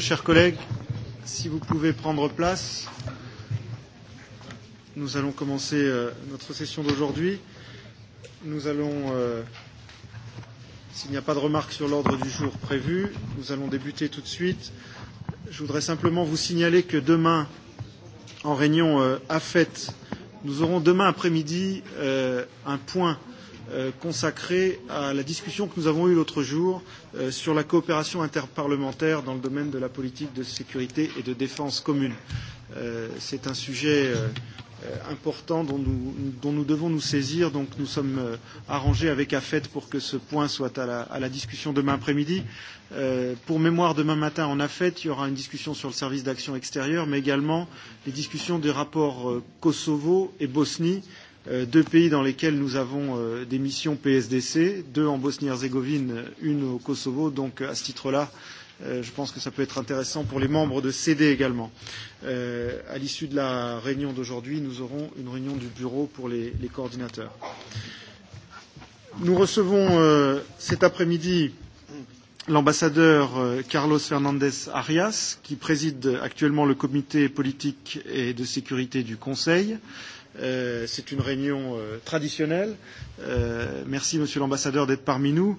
Chers collègues, si vous pouvez prendre place, nous allons commencer euh, notre session d'aujourd'hui. Nous allons, euh, s'il n'y a pas de remarques sur l'ordre du jour prévu, nous allons débuter tout de suite. Je voudrais simplement vous signaler que demain, en réunion euh, fête, nous aurons demain après-midi euh, un point euh, euh, consacré à la discussion que nous avons eue l'autre jour euh, sur la coopération interparlementaire dans le domaine de la politique de sécurité et de défense commune. Euh, c'est un sujet euh, important dont nous, dont nous devons nous saisir. Donc nous sommes arrangés avec AFET pour que ce point soit à la, à la discussion demain après-midi. pour mémoire, demain matin en AFET, il y aura une discussion sur le service d'action extérieure, mais également les discussions des rapports Kosovo et Bosnie Euh, deux pays dans lesquels nous avons euh, des missions PSDC, deux en Bosnie-Herzégovine, une au Kosovo. Donc à ce titre-là, euh, je pense que ça peut être intéressant pour les membres de CD également. Euh, à l'issue de la réunion d'aujourd'hui, nous aurons une réunion du bureau pour les, les coordinateurs. Nous recevons euh, cet après-midi l'ambassadeur euh, Carlos Fernandez Arias, qui préside actuellement le comité politique et de sécurité du Conseil. Euh, c'est une réunion euh, traditionnelle. Euh, merci, Monsieur l'ambassadeur, d'être parmi nous.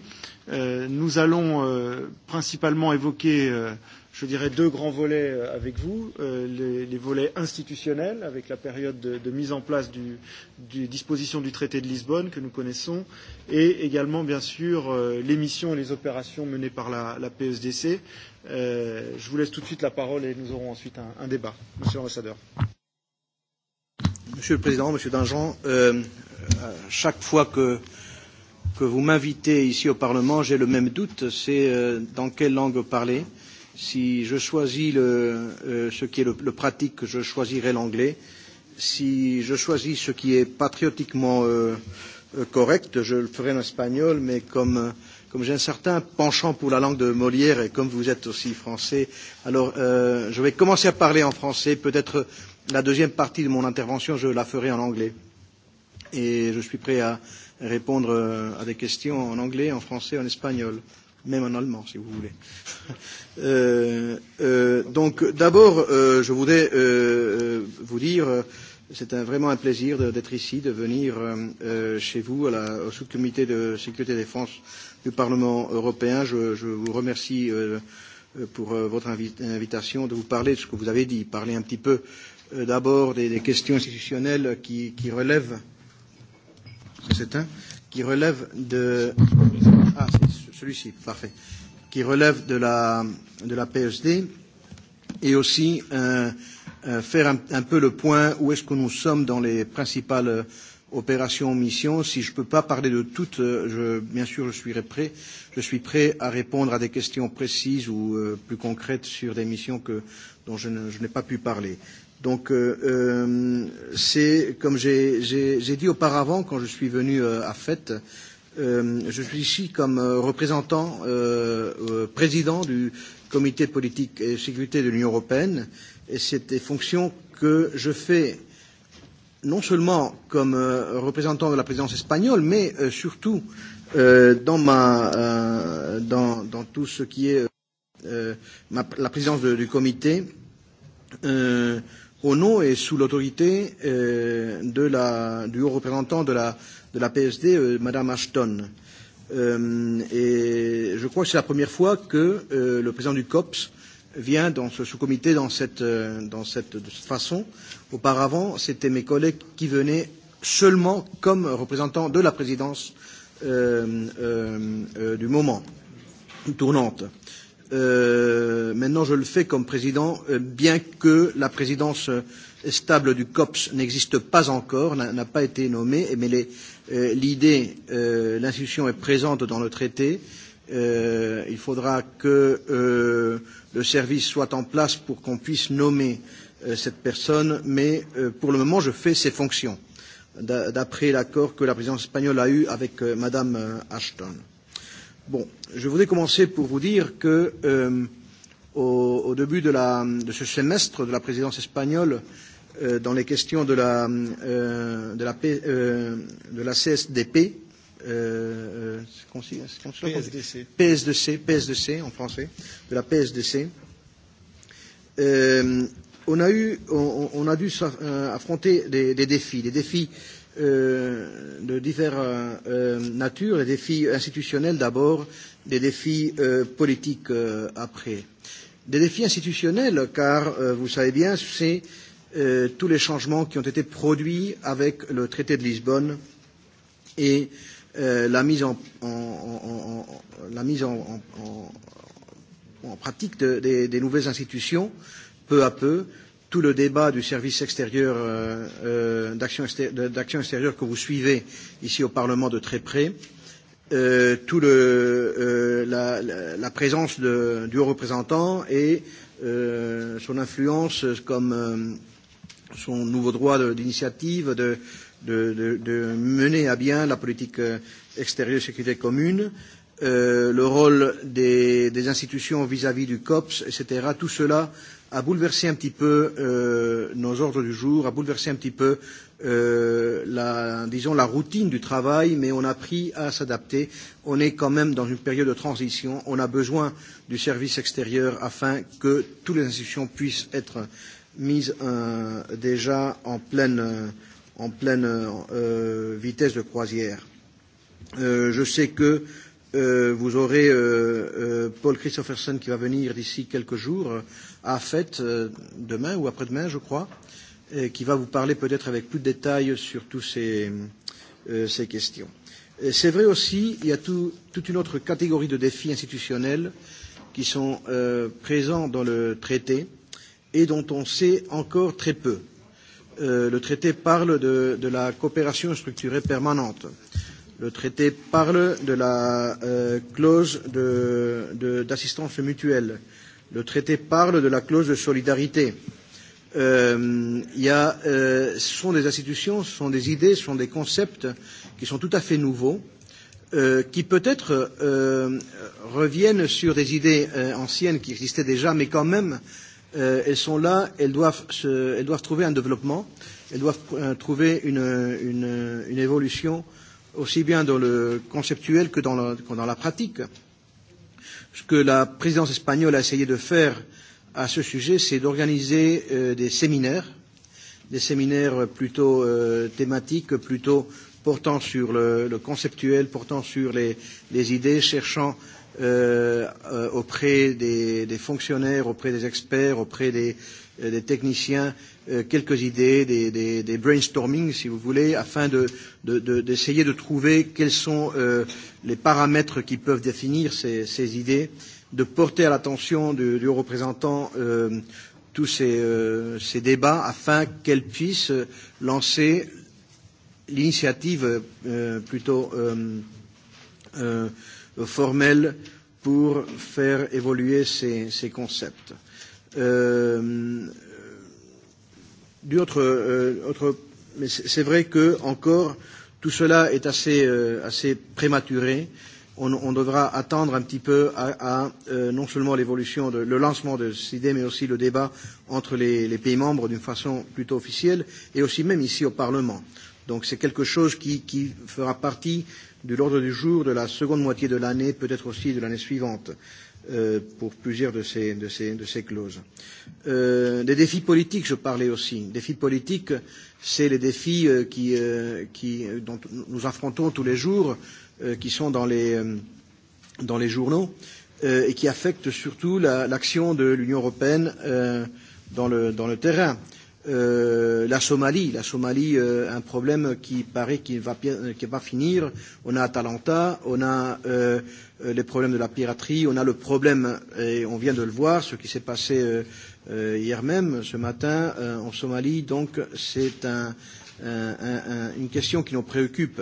Euh, nous allons euh, principalement évoquer euh, je dirais, deux grands volets euh, avec vous. Euh, les, les volets institutionnels, avec la période de, de mise en place du, du disposition du traité de Lisbonne que nous connaissons, et également, bien sûr, euh, les missions et les opérations menées par la, la PSDC. Euh, je vous laisse tout de suite la parole et nous aurons ensuite un, un débat. Monsieur l'ambassadeur. Monsieur le Président, Monsieur Dangean, euh, chaque fois que, que vous m'invitez ici au Parlement, j'ai le même doute, c'est euh, dans quelle langue parler. Si je choisis le, euh, ce qui est le, le pratique, je choisirai l'anglais. Si je choisis ce qui est patriotiquement euh, euh correct, je le ferai en espagnol, mais comme, euh, comme j'ai un certain penchant pour la langue de Molière et comme vous êtes aussi français, alors euh, je vais commencer à parler en français, peut-être la deuxième partie de mon intervention, je la ferai en anglais. Et je suis prêt à répondre euh, à des questions en anglais, en français, en espagnol, même en allemand, si vous voulez. euh, euh, donc, d'abord, euh, je voudrais euh, euh vous dire, euh, c'est un, vraiment un plaisir d'être ici, de venir euh, chez vous, à la, au sous-comité de sécurité et défense du Parlement européen. Je, je vous remercie. Euh, pour euh, votre invit invitation de vous parler de ce que vous avez dit, parler un petit peu euh, Euh, d'abord des, des questions institutionnelles qui, qui relèvent, c'est un, qui relève de, ah, c'est celui-ci, parfait, qui relève de la, de la PSD et aussi euh, euh, faire un, un peu le point où est-ce que nous sommes dans les principales opérations missions. Si je ne peux pas parler de toutes, je, bien sûr, je suis prêt. Je suis prêt à répondre à des questions précises ou euh, plus concrètes sur des missions que, dont je n'ai pas pu parler. Donc euh, euh, c'est, comme j'ai dit auparavant, quand je suis venu euh, à FET, euh, je suis ici comme euh, représentant, euh, euh, président du comité de politique et sécurité de l'Union européenne, et c'est des fonctions que je fais non seulement comme euh, représentant de la présidence espagnole, mais euh, surtout euh, dans, ma, euh, dans, dans tout ce qui est euh, ma, la présidence de, du comité. Euh, au nom et sous l'autorité euh, de la, du haut représentant de la, de la PSD, euh, Madame Ashton. Euh, et je crois que c'est la première fois que euh, le président du COPS vient dans ce sous-comité dans cette, euh, dans cette, de cette façon. Auparavant, c'était mes collègues qui venaient seulement comme représentants de la présidence euh, euh, euh, du moment tournante. Euh, Euh, maintenant, je le fais comme président, euh, bien que la présidence euh, stable du COPS n'existe pas encore, n'a pas été nommée, mais euh, l'idée, euh, l'institution est présente dans le traité. Euh, il faudra que euh, le service soit en place pour qu'on puisse nommer euh, cette personne, mais euh, pour le moment, je fais ses fonctions, d'a, d'après l'accord que la présidence espagnole a eu avec euh, Madame euh, Ashton. Bon, je voudrais commencer pour vous dire que euh, au, au début de, la, de ce semestre de la présidence espagnole, euh, dans les questions de la, euh, de la, P, euh, de la CSDP, euh, PSDC. PSDC, PSDC en français, de la PSDC, euh, on a eu, on, on a dû euh, affronter des, des défis, des défis euh, Euh, de diverses euh, natures, les défis institutionnels d'abord, des défis euh, politiques euh, après. Des défis institutionnels, car euh, vous savez bien, c'est euh, tous les changements qui ont été produits avec le traité de Lisbonne et euh, la mise en, en, en, en, la mise en, en, en, en pratique de, des, des nouvelles institutions, peu à peu, euh, tout le débat du service extérieur euh, euh, d'action extérieure, extérieure que vous suivez ici au Parlement de très près, euh, tout le, euh, la, la, la présence de, du haut représentant et euh, son influence comme euh, son nouveau droit d'initiative de, de, de, de mener à bien la politique euh, extérieure sécurité commune, euh, le rôle des, des institutions vis-à-vis -vis du COPS, etc. Tout cela euh, a bouleversé un petit peu euh, nos ordres du jour, a bouleversé un petit peu euh, la, disons, la routine du travail, mais on a appris à s'adapter. On est quand même dans une période de transition. On a besoin du service extérieur afin que toutes les institutions puissent être mises euh, déjà en pleine, en pleine euh, vitesse de croisière. Euh, je sais que euh, Euh, vous aurez euh, euh, Paul Christopherson qui va venir d'ici quelques jours à Fête, euh, demain ou après-demain, je crois, et qui va vous parler peut-être avec plus de détails sur toutes ces, euh, ces questions. C'est vrai aussi, il y a tout, toute une autre catégorie de défis institutionnels qui sont euh, présents dans le traité et dont on sait encore très peu. Euh, le traité parle de, de la coopération structurée permanente. Euh, le traité parle de la euh, clause d'assistance mutuelle. Le traité parle de la clause de solidarité. Euh, y a, euh, ce sont des institutions, ce sont des idées, ce sont des concepts qui sont tout à fait nouveaux, euh, qui peut-être euh, reviennent sur des idées euh, anciennes qui existaient déjà, mais quand même, euh, elles sont là, elles doivent, se, elles doivent trouver un développement, elles doivent euh, trouver une, une, une évolution euh, aussi bien dans le conceptuel que dans la, que dans la pratique. Ce que la présidence espagnole a essayé de faire à ce sujet, c'est d'organiser euh, des séminaires, des séminaires plutôt euh, thématiques, plutôt portant sur le, le conceptuel, portant sur les, les idées, cherchant euh, euh, auprès des, des fonctionnaires, auprès des experts, auprès des, euh, Euh, des techniciens euh, quelques idées, des, des, des brainstorming, si vous voulez, afin d'essayer de, de, de, de trouver quels sont euh, les paramètres qui peuvent définir ces, ces idées, de porter à l'attention du, du représentant euh, tous ces, euh, ces débats afin qu'elle puisse lancer l'initiative euh, plutôt euh, euh, formelle pour faire évoluer ces, ces concepts. Euh, autre, euh, autre, mais c'est vrai que encore tout cela est assez, euh, assez prématuré. On, on devra attendre un petit peu à, à euh, non seulement l'évolution, de, le lancement de cette idée, mais aussi le débat entre les, les pays membres d'une façon plutôt officielle, et aussi même ici au Parlement. Donc c'est quelque chose qui, qui fera partie de l'ordre du jour de la seconde moitié de l'année, peut-être aussi de l'année suivante. Euh, Euh, pour plusieurs de ces, de ces, de ces clauses. Euh, des défis politiques, je parlais aussi. Les défis politiques, c'est les défis euh, qui, euh, qui, euh, dont nous affrontons tous les jours, euh, qui sont dans les, euh, dans les journaux euh, et qui affectent surtout l'action la, de l'Union européenne euh, dans, le, dans le terrain. Euh, Euh, la Somalie, la Somalie, euh, un problème qui paraît qui va, euh, qui va finir. On a Atalanta, on a euh, les problèmes de la piraterie, on a le problème, et on vient de le voir, ce qui s'est passé euh, euh hier même, ce matin, euh, en Somalie. Donc c'est un, un, un, une question qui nous préoccupe.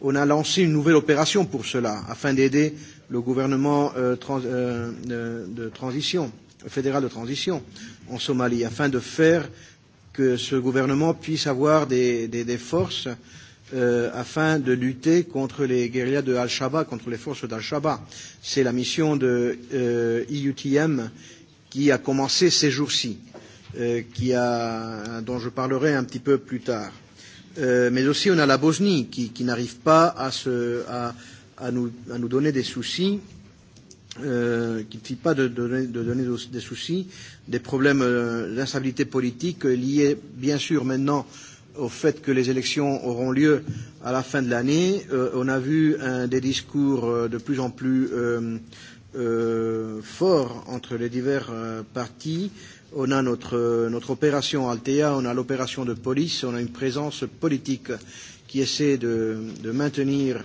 On a lancé une nouvelle opération pour cela, afin d'aider le gouvernement euh, trans, euh, de, de transition, fédéral de transition en Somalie, afin de faire que ce gouvernement puisse avoir des, des, des forces euh, afin de lutter contre les guérillas de Al-Shabaab, contre les forces d'Al-Shabaab. C'est la mission de euh, EUTM qui a commencé ces jours-ci, euh, dont je parlerai un petit peu plus tard. Euh, mais aussi on a la Bosnie qui, qui n'arrive pas à, se, à, à, nous, à nous donner des soucis Euh, qui ne fit pas de, de, de donner des soucis, des problèmes euh, d'instabilité politique liés bien sûr maintenant au fait que les élections auront lieu à la fin de l'année. Euh, on a vu un, des discours euh, de plus en plus euh, euh, forts entre les divers euh, partis. On a notre, euh, notre opération Altea, on a l'opération de police, on a une présence politique qui essaie de, de maintenir euh,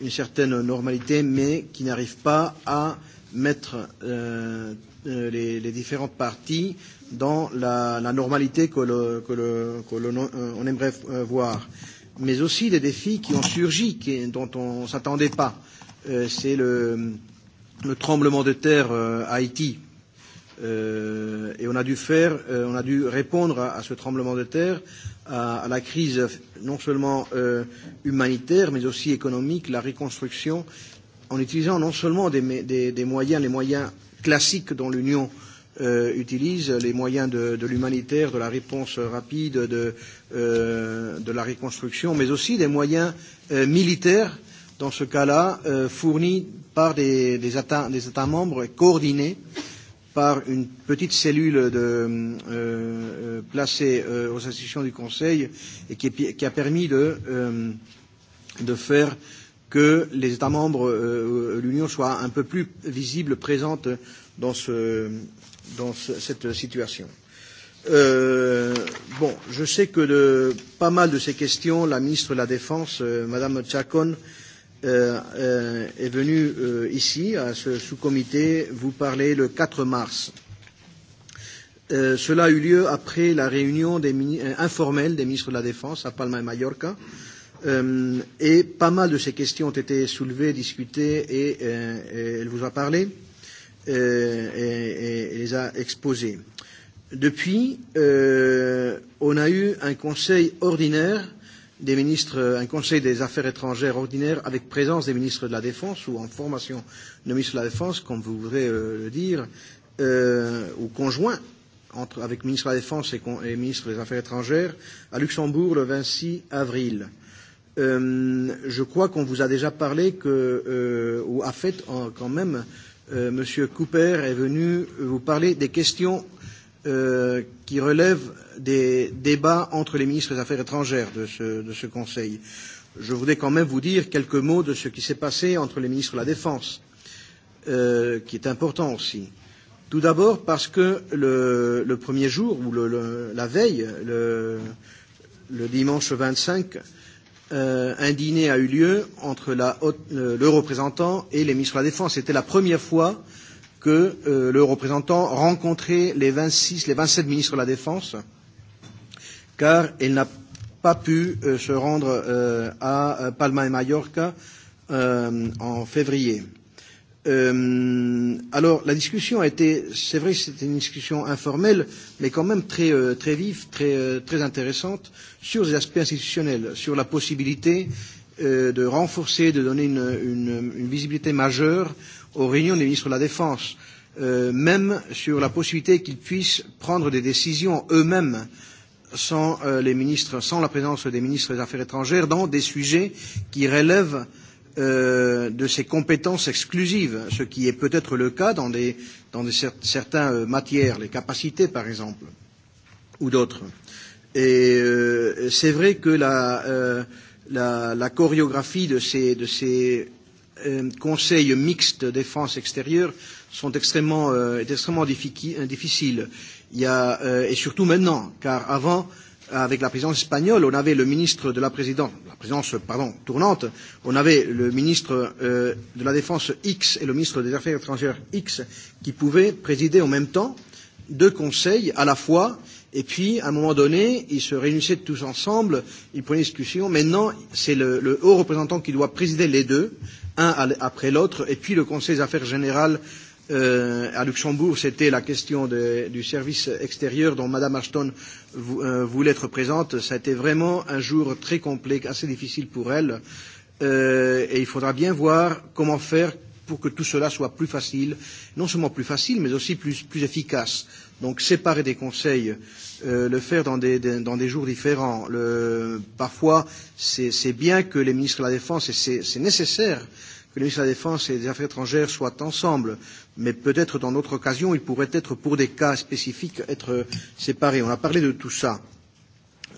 une certaine normalité, mais qui n'arrive pas à mettre euh, euh les, les différentes parties dans la, la normalité que l'on que le, que le, euh, on aimerait euh, voir. Mais aussi des défis qui ont surgi, qui, dont on ne s'attendait pas. Euh, C'est le, le tremblement de terre euh, à Haïti, Euh, et on a dû faire, euh, on a dû répondre à, à ce tremblement de terre, à, à la crise non seulement euh, humanitaire mais aussi économique, la reconstruction, en utilisant non seulement des, des, des moyens, les moyens classiques dont l'Union euh, utilise, les moyens de, de l'humanitaire, de la réponse rapide, de, euh, de la reconstruction, mais aussi des moyens euh, militaires, dans ce cas-là, euh, fournis par des, des, États, des États membres coordonnés. Euh, par une petite cellule de, euh, euh, placée euh, aux institutions du Conseil et qui, qui a permis de, euh, de faire que les États membres, euh, euh l'Union soient un peu plus visibles, présentes dans, ce, dans ce, cette situation. Euh, bon, je sais que de pas mal de ces questions, la ministre de la Défense, euh, Madame Chacon, euh, euh, euh, est venu euh, ici, à ce sous-comité, vous parler le 4 mars. Euh, cela a eu lieu après la réunion des, euh, informelle des ministres de la Défense à Palma et Mallorca. Euh, et pas mal de ces questions ont été soulevées, discutées et, euh, et elle vous a parlé euh, et, et, et les a exposées. Depuis, euh, on a eu un conseil ordinaire euh, des ministres, un conseil des affaires étrangères ordinaire avec présence des ministres de la Défense ou en formation de ministre de la Défense, comme vous voudrez euh, le dire, euh, ou conjoint entre, avec ministre de la Défense et, con, et ministre des Affaires étrangères à Luxembourg le 26 avril. Euh, je crois qu'on vous a déjà parlé que, euh, ou a fait en, quand même, euh, Monsieur Cooper est venu vous parler des questions euh, Euh, qui relève des débats entre les ministres des Affaires étrangères de ce, de ce Conseil. Je voudrais quand même vous dire quelques mots de ce qui s'est passé entre les ministres de la Défense, euh, qui est important aussi. Tout d'abord parce que le, le premier jour, ou le, le, la veille, le, le dimanche 25, euh, un dîner a eu lieu entre la le, euh, le représentant et les ministres de la Défense. C'était la première fois euh, que euh, le représentant rencontrait les 26, les 27 ministres de la Défense, car il n'a pas pu euh, se rendre euh, à euh, Palma et Mallorca euh, en février. Euh, alors, la discussion a été, c'est vrai, c'était une discussion informelle, mais quand même très, euh, très vive, très, euh, très intéressante, sur les aspects institutionnels, sur la possibilité euh, de renforcer, de donner une, une, une visibilité majeure aux réunions des ministres de la Défense, euh, même sur la possibilité qu'ils puissent prendre des décisions eux-mêmes sans, euh, les ministres, sans la présence des ministres des Affaires étrangères dans des sujets qui relèvent euh, de ses compétences exclusives, ce qui est peut-être le cas dans, des, dans des cer certaines euh, matières, les capacités par exemple, ou d'autres. Et euh, c'est vrai que la, euh, la, la chorégraphie de ces, de ces Euh, conseil mixte défense extérieure sont extrêmement, euh, extrêmement euh, difficile. Il y a, euh, et surtout maintenant, car avant, avec la présidence espagnole, on avait le ministre de la présidence, la présidence pardon, tournante, on avait le ministre euh, de la Défense X et le ministre des Affaires étrangères X qui pouvaient présider en même temps deux conseils à la fois Et puis, à un moment donné, ils se réunissaient tous ensemble, ils prenaient discussion. Maintenant, c'est le, le haut représentant qui doit présider les deux, un après l'autre. Et puis, le Conseil des affaires générales euh, à Luxembourg, c'était la question de, du service extérieur dont Mme Ashton vou, euh, voulait être présente. Ça a été vraiment un jour très complet, assez difficile pour elle. Euh, et il faudra bien voir comment faire pour que tout cela soit plus facile, non seulement plus facile, mais aussi plus, plus efficace. Donc séparer des conseils, euh, le faire dans des, des, dans des jours différents. Le, parfois, c'est bien que les ministres de la Défense, et c'est nécessaire que les ministres de la Défense et des Affaires étrangères soient ensemble, mais peut-être dans d'autres occasions, ils pourraient être, pour des cas spécifiques, être séparés. On a parlé de tout ça.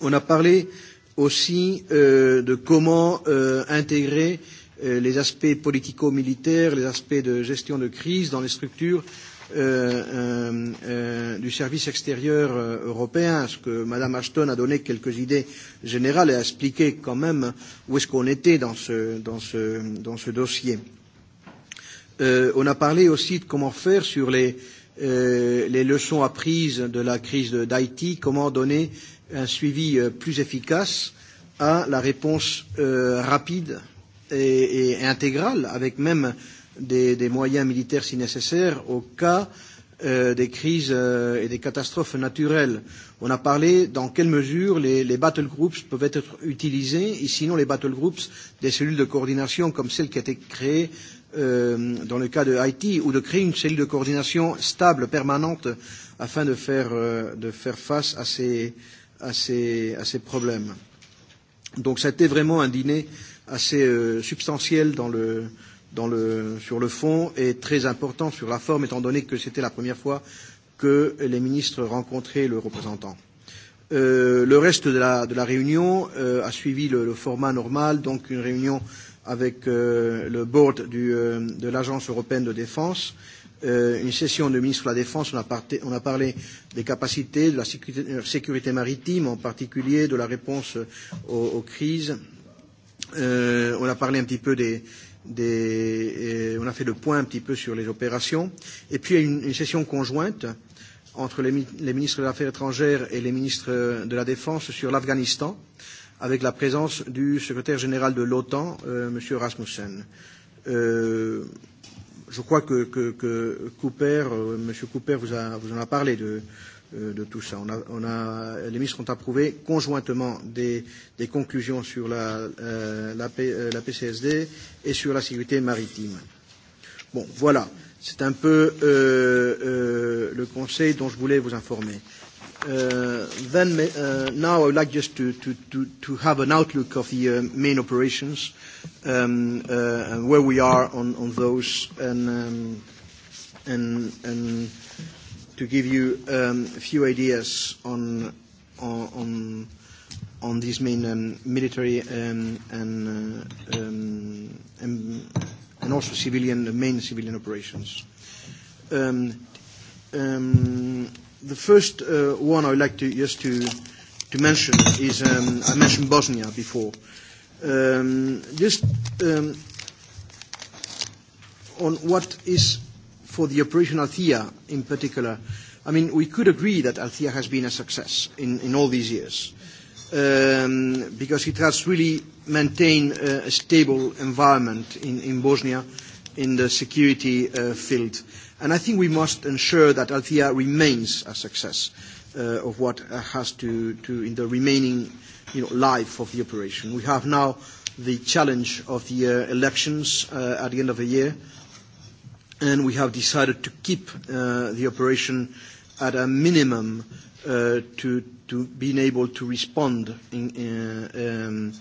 On a parlé aussi euh, de comment euh, intégrer euh, Euh, les aspects politico-militaires, les aspects de gestion de crise dans les structures euh, euh, euh du service extérieur euh, européen, ce que Mme Ashton a donné quelques idées générales et a expliqué quand même où est-ce qu'on était dans ce, dans ce, dans ce dossier. Euh, on a parlé aussi de comment faire sur les, euh, les leçons apprises de la crise d'Haïti, comment donner un suivi euh, plus efficace à la réponse euh, rapide et, et intégrale, avec même des, des moyens militaires si nécessaire, au cas euh, des crises euh, et des catastrophes naturelles. On a parlé dans quelle mesure les, les battle groups peuvent être utilisés, et sinon les battle groups des cellules de coordination comme celle qui a été créée euh, dans le cas de Haïti, ou de créer une cellule de coordination stable, permanente, afin de faire, euh, de faire face à ces, à, ces, à ces problèmes. Donc ça a été vraiment un dîner euh, assez euh, substantiel dans le, dans le, sur le fond et très important sur la forme, étant donné que c'était la première fois que les ministres rencontraient le représentant. Euh, le reste de la, de la réunion euh, a suivi le, le format normal, donc une réunion avec euh, le board du, euh, de l'Agence européenne de défense, euh, une session de ministre de la Défense, on a, parté, on a parlé des capacités de la sécurité, euh, sécurité maritime, en particulier de la réponse euh, aux, aux crises, Euh, on a parlé un petit peu des, des, euh, on a fait le point un petit peu sur les opérations. Et puis une, une session conjointe entre les, les ministres des Affaires étrangères et les ministres de la Défense sur l'Afghanistan, avec la présence du secrétaire général de l'OTAN, euh, M. Rasmussen. Euh, je crois que, que, que Cooper, euh, M. Cooper vous, a, vous en a parlé de, Euh, de tout ça. On a, on a, euh, les ministres ont approuvé conjointement des, des conclusions sur la, euh, la, P, euh, la PCSD et sur la sécurité maritime. Bon, voilà. C'est un peu euh, euh, le conseil dont je voulais vous informer. Uh, then uh, now I would like just to, to, to, to have an outlook of the uh, main operations um, uh, and where we are on, on those and, um, and, and to give you um, a few ideas on, on, on these main um, military um, and, uh, um, and, and also civilian, main civilian operations. Um, um, the first uh, one I would like to just to, to mention is um, I mentioned Bosnia before. Um, just um, on what is for the operation Althea in particular, I mean, we could agree that Althea has been a success in, in all these years um, because it has really maintained uh, a stable environment in, in Bosnia in the security uh, field. And I think we must ensure that Althea remains a success uh, of what has to, to, in the remaining you know, life of the operation. We have now the challenge of the uh, elections uh, at the end of the year and we have decided to keep uh, the operation at a minimum uh, to, be being able to respond, in, uh, um,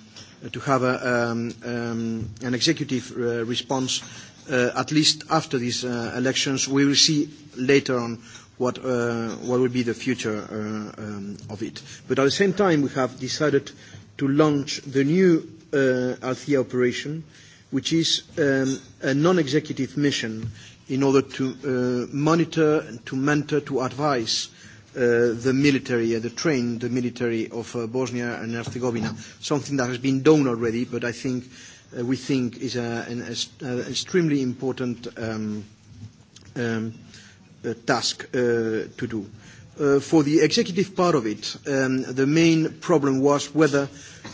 to have um, um, an executive response at least after these elections. We will see later on what, will be the future of it. But at the same time, we have decided to launch the new Althea operation which is um, a non-executive mission in order to uh, monitor, to mentor, to advise Uh, the military, uh, the trained the military of uh, Bosnia and Herzegovina, something that has been done already, but I think uh, we think is a, uh, an a, a uh, extremely important um, um, uh, task to do. for the executive part of it, um, the main problem was whether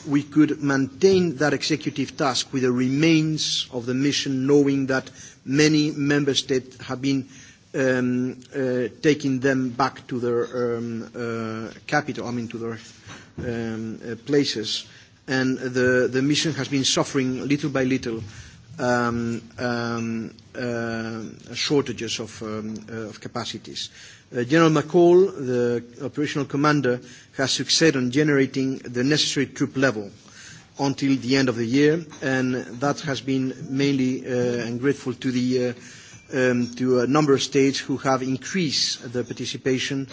we could maintain that executive task with the remains of the mission, knowing that many member states have been um, uh, taking them back to their um, uh, capital, I mean to their um, uh, places. And the, the mission has been suffering little by little um, um, uh, shortages of, um, uh, of capacities. Uh, General McCall, the operational commander, has succeeded in generating the necessary troop level until the end of the year, and that has been mainly uh, and grateful to the uh, um, to a number of states who have increased their participation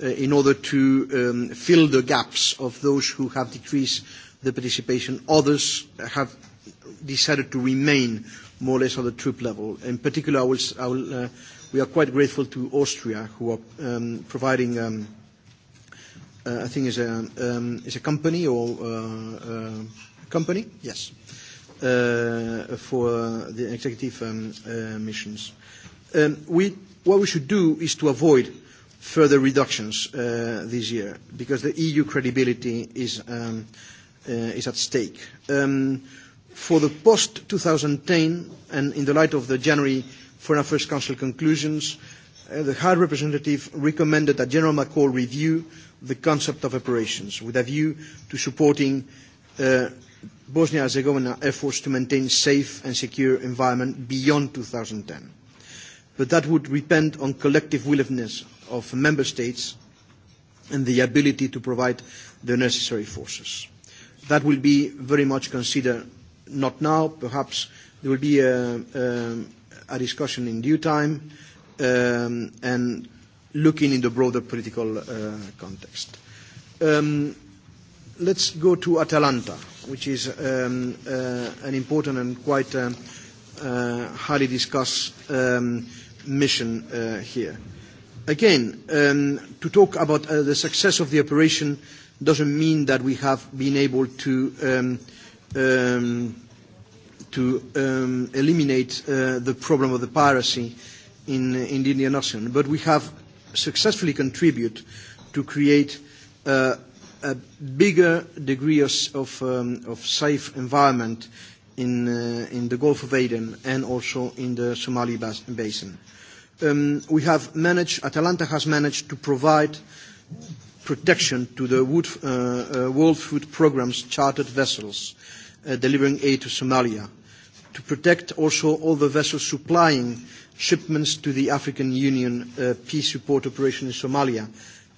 uh, in order to um, fill the gaps of those who have decreased the participation. Others have decided to remain more or less on the troop level. In particular, I will, I will uh, we are quite grateful to Austria, who are um, providing, um, uh, I think, is a, um, is a company or uh, uh, company, yes, uh, for the executive um, uh, missions. Um, we, what we should do is to avoid further reductions uh, this year, because the EU credibility is, um, uh, is at stake. Um, for the post-2010, and in the light of the January Foreign Affairs Council conclusions, uh, the High Representative recommended that General McCall review the concept of operations with a view to supporting uh, Bosnia-Herzegovina efforts to maintain safe and secure environment beyond 2010. But that would depend on collective willingness of member states and the ability to provide the necessary forces. That will be very much considered not now, perhaps there will be a, a, um, a discussion in due time um, and looking in the broader political uh, context. Um, let's go to Atalanta, which is um, uh, an important and quite um, uh, highly discussed um, mission uh, here. Again, um, to talk about uh, the success of the operation doesn't mean that we have been able to um, um, to um, eliminate uh, the problem of the piracy in, in the Indian Ocean. But we have successfully contributed to create uh, a bigger degree of, of, um, of safe environment in, uh, in the Gulf of Aden and also in the Somali bas basin. Um, we have managed, Atalanta has managed to provide protection to the wood, uh, uh, World Food Programme's chartered vessels, uh, delivering aid to Somalia to protect also all the vessels supplying shipments to the African Union uh, peace support operation in Somalia,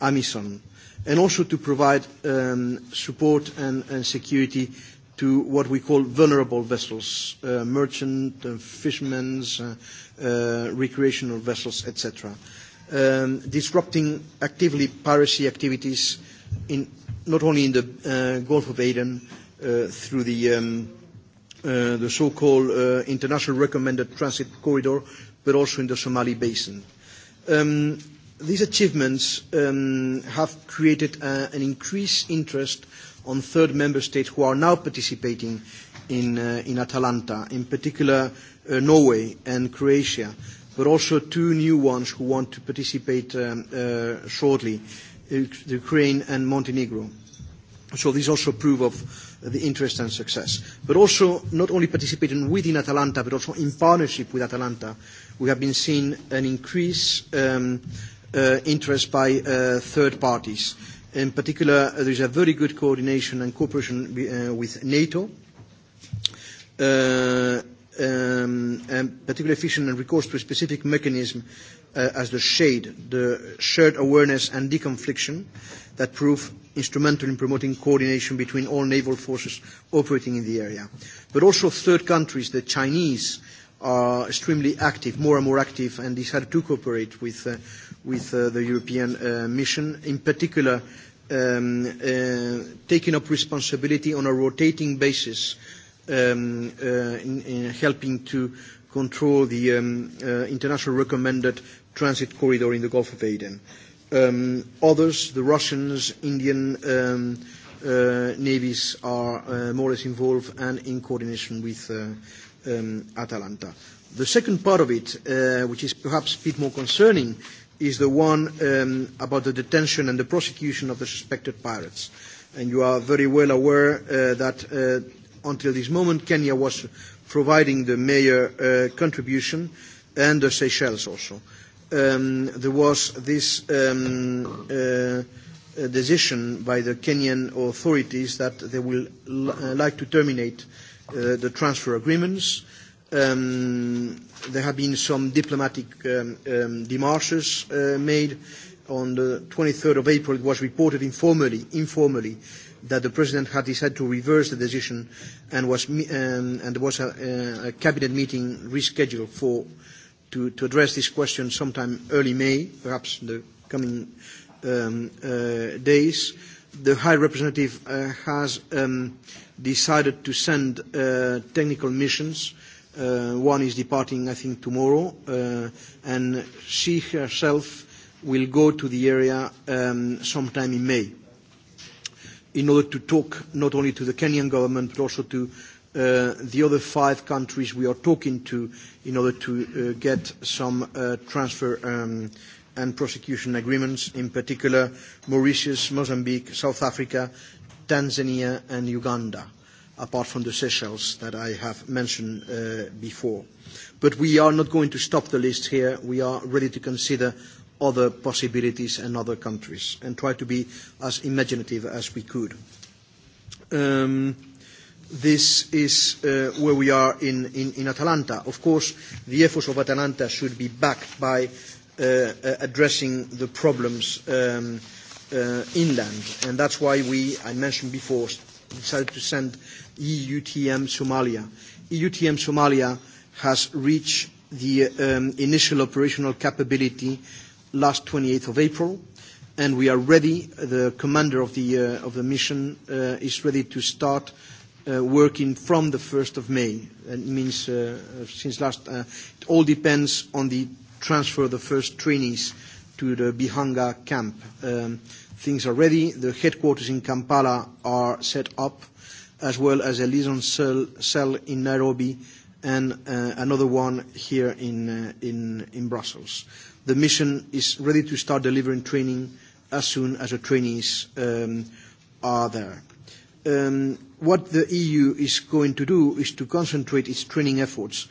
AMISOM, and also to provide um, support and, and security to what we call vulnerable vessels, uh, merchant, uh, fishermen, uh, uh, recreational vessels, etc. Um, disrupting actively piracy activities in, not only in the uh, Gulf of Aden uh, through the um, Uh, the so-called uh, international recommended transit corridor, but also in the Somali basin. Um, these achievements um, have created uh, an increased interest on third member states who are now participating in, uh, in Atalanta, in particular uh, Norway and Croatia, but also two new ones who want to participate um, uh, shortly, Ukraine and Montenegro. So these also prove of, the interest and success. But also, not only participating within Atalanta, but also in partnership with Atalanta, we have been seeing an increase um, uh, interest by uh, third parties. In particular, uh, there is a very good coordination and cooperation uh, with NATO, uh, um, and particularly efficient and recourse to a specific mechanism uh, as the SHADE, the Shared Awareness and Deconfliction, that prove instrumental in promoting coordination between all naval forces operating in the area. But also third countries, the Chinese are extremely active, more and more active, and decided to cooperate with, uh, with uh, the European uh, mission, in particular um, uh, taking up responsibility on a rotating basis um, uh, in, in helping to control the um, uh, international recommended transit corridor in the Gulf of Aden. Um, others, the Russians, Indian um, uh, navies are uh, more or less involved and in coordination with uh, um, Atalanta. The second part of it, uh, which is perhaps a bit more concerning, is the one um, about the detention and the prosecution of the suspected pirates. And you are very well aware uh, that uh, until this moment Kenya was providing the major uh, contribution and the Seychelles also um, there was this um, uh, decision by the Kenyan authorities that they will uh, like to terminate uh, the transfer agreements. Um, there have been some diplomatic um, um, demarches uh, made. On the 23rd of April, it was reported informally, informally that the President had decided to reverse the decision and, was, um, and there was a, uh, a cabinet meeting rescheduled for uh, to, to address this question sometime early May, perhaps in the coming um, uh, days. The High Representative uh, has um, decided to send uh, technical missions. Uh, one is departing, I think, tomorrow, uh, and she herself will go to the area um, sometime in May in order to talk not only to the Kenyan government but also to Uh, the other five countries we are talking to in order to uh, get some uh, transfer um, and prosecution agreements, in particular Mauritius, Mozambique, South Africa, Tanzania and Uganda, apart from the Seychelles that I have mentioned uh, before. But we are not going to stop the list here. We are ready to consider other possibilities and other countries and try to be as imaginative as we could. Um, this is uh, where we are in, in, in Atalanta. Of course, the efforts of Atalanta should be backed by uh, uh addressing the problems um, uh, inland. And that's why we, I mentioned before, decided to send EUTM Somalia. EUTM Somalia has reached the um, initial operational capability last 28th of April, and we are ready. The commander of the, uh, of the mission uh, is ready to start Uh, working from the 1st of May. That means uh, since last, uh, it all depends on the transfer of the first trainees to the Bihanga camp. Um, things are ready. The headquarters in Kampala are set up, as well as a liaison cell, cell in Nairobi and uh, another one here in, uh, in, in Brussels. The mission is ready to start delivering training as soon as the trainees um, are there um, what the EU is going to do is to concentrate its training efforts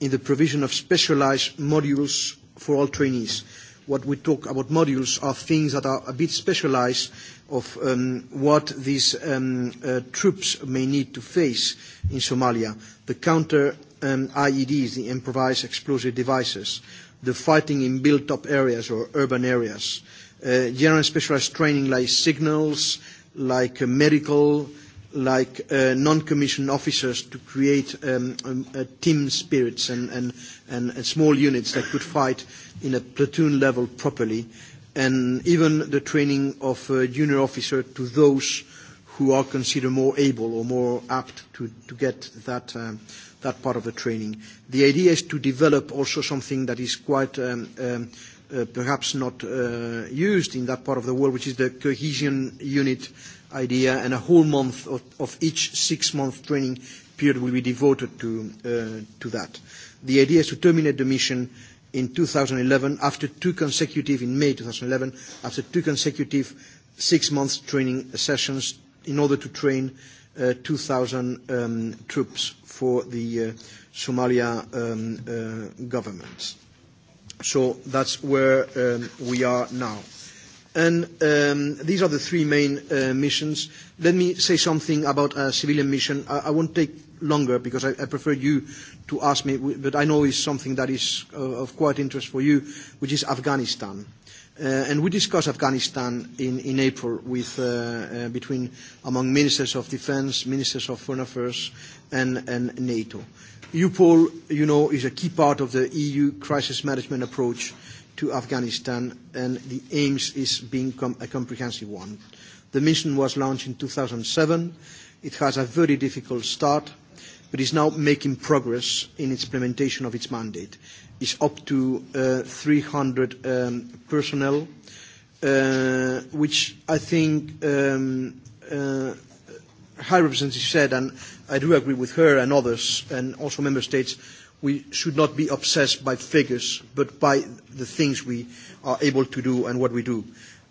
in the provision of specialized modules for all trainees. What we talk about modules are things that are a bit specialized of um, what these um, uh, troops may need to face in Somalia. The counter um, IEDs, the improvised explosive devices, the fighting in built-up areas or urban areas, uh, general specialized training like signals, like uh, medical, like uh, non-commissioned officers to create um, um, uh, team spirits and, and, and, and small units that could fight in a platoon level properly, and even the training of a junior officer to those who are considered more able or more apt to, to get that, um, that part of the training. The idea is to develop also something that is quite um, um, Uh, perhaps not uh, used in that part of the world, which is the cohesion unit idea, and a whole month of, of each six-month training period will be devoted to, uh, to that. The idea is to terminate the mission in 2011 after two consecutive, in May 2011, after two consecutive six-month training sessions in order to train uh, 2,000 um, troops for the uh, Somalia um, uh, governments. So that's where um, we are now. And um, these are the three main uh, missions. Let me say something about a civilian mission. I, I won't take longer because I, I prefer you to ask me, but I know it's something that is uh, of quite interest for you, which is Afghanistan. Uh, and we discussed Afghanistan in, in April with, uh, uh, between among ministers of defense, ministers of foreign affairs, and, and NATO. EUPOL, you know, is a key part of the EU crisis management approach to Afghanistan, and the aims is being com a comprehensive one. The mission was launched in 2007. It has a very difficult start but is now making progress in its implementation of its mandate. It's up to uh, 300 um, personnel, uh, which I think um, uh, High Representative said, and I do agree with her and others, and also Member States, we should not be obsessed by figures, but by the things we are able to do and what we do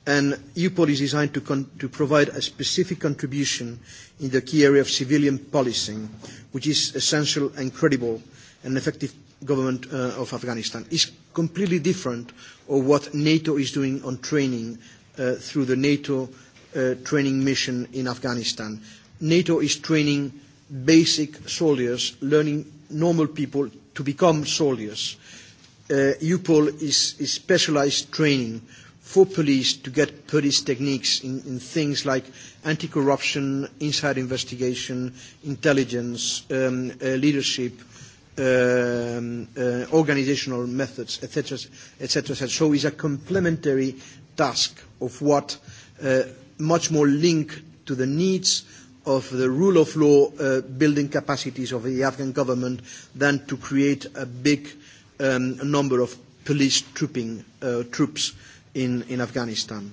and EUPOL is designed to, con- to provide a specific contribution in the key area of civilian policing, which is essential and credible and effective government uh, of Afghanistan, is completely different of what NATO is doing on training uh, through the NATO uh, training mission in Afghanistan. NATO is training basic soldiers, learning normal people to become soldiers. Uh, is, is specialized training for police to get police techniques in, in things like anti-corruption, inside investigation, intelligence, um, uh, leadership, um, uh, organizational methods, etc., etc., etc. So it's a complementary task of what uh, much more linked to the needs of the rule of law uh, building capacities of the Afghan government than to create a big um, number of police trooping, uh, troops in, in Afghanistan.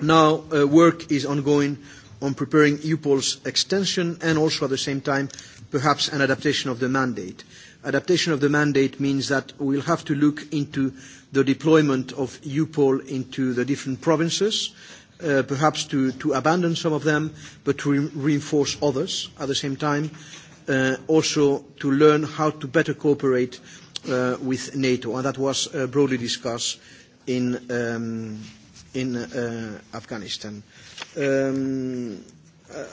Now, uh, work is ongoing on preparing EUPOL's extension and also at the same time perhaps an adaptation of the mandate. Adaptation of the mandate means that we'll have to look into the deployment of EUPOL into the different provinces, uh, perhaps to, to abandon some of them, but to re reinforce others at the same time, uh, also to learn how to better cooperate uh, with NATO, and that was uh, broadly discussed in, um, in uh, Afghanistan. Um,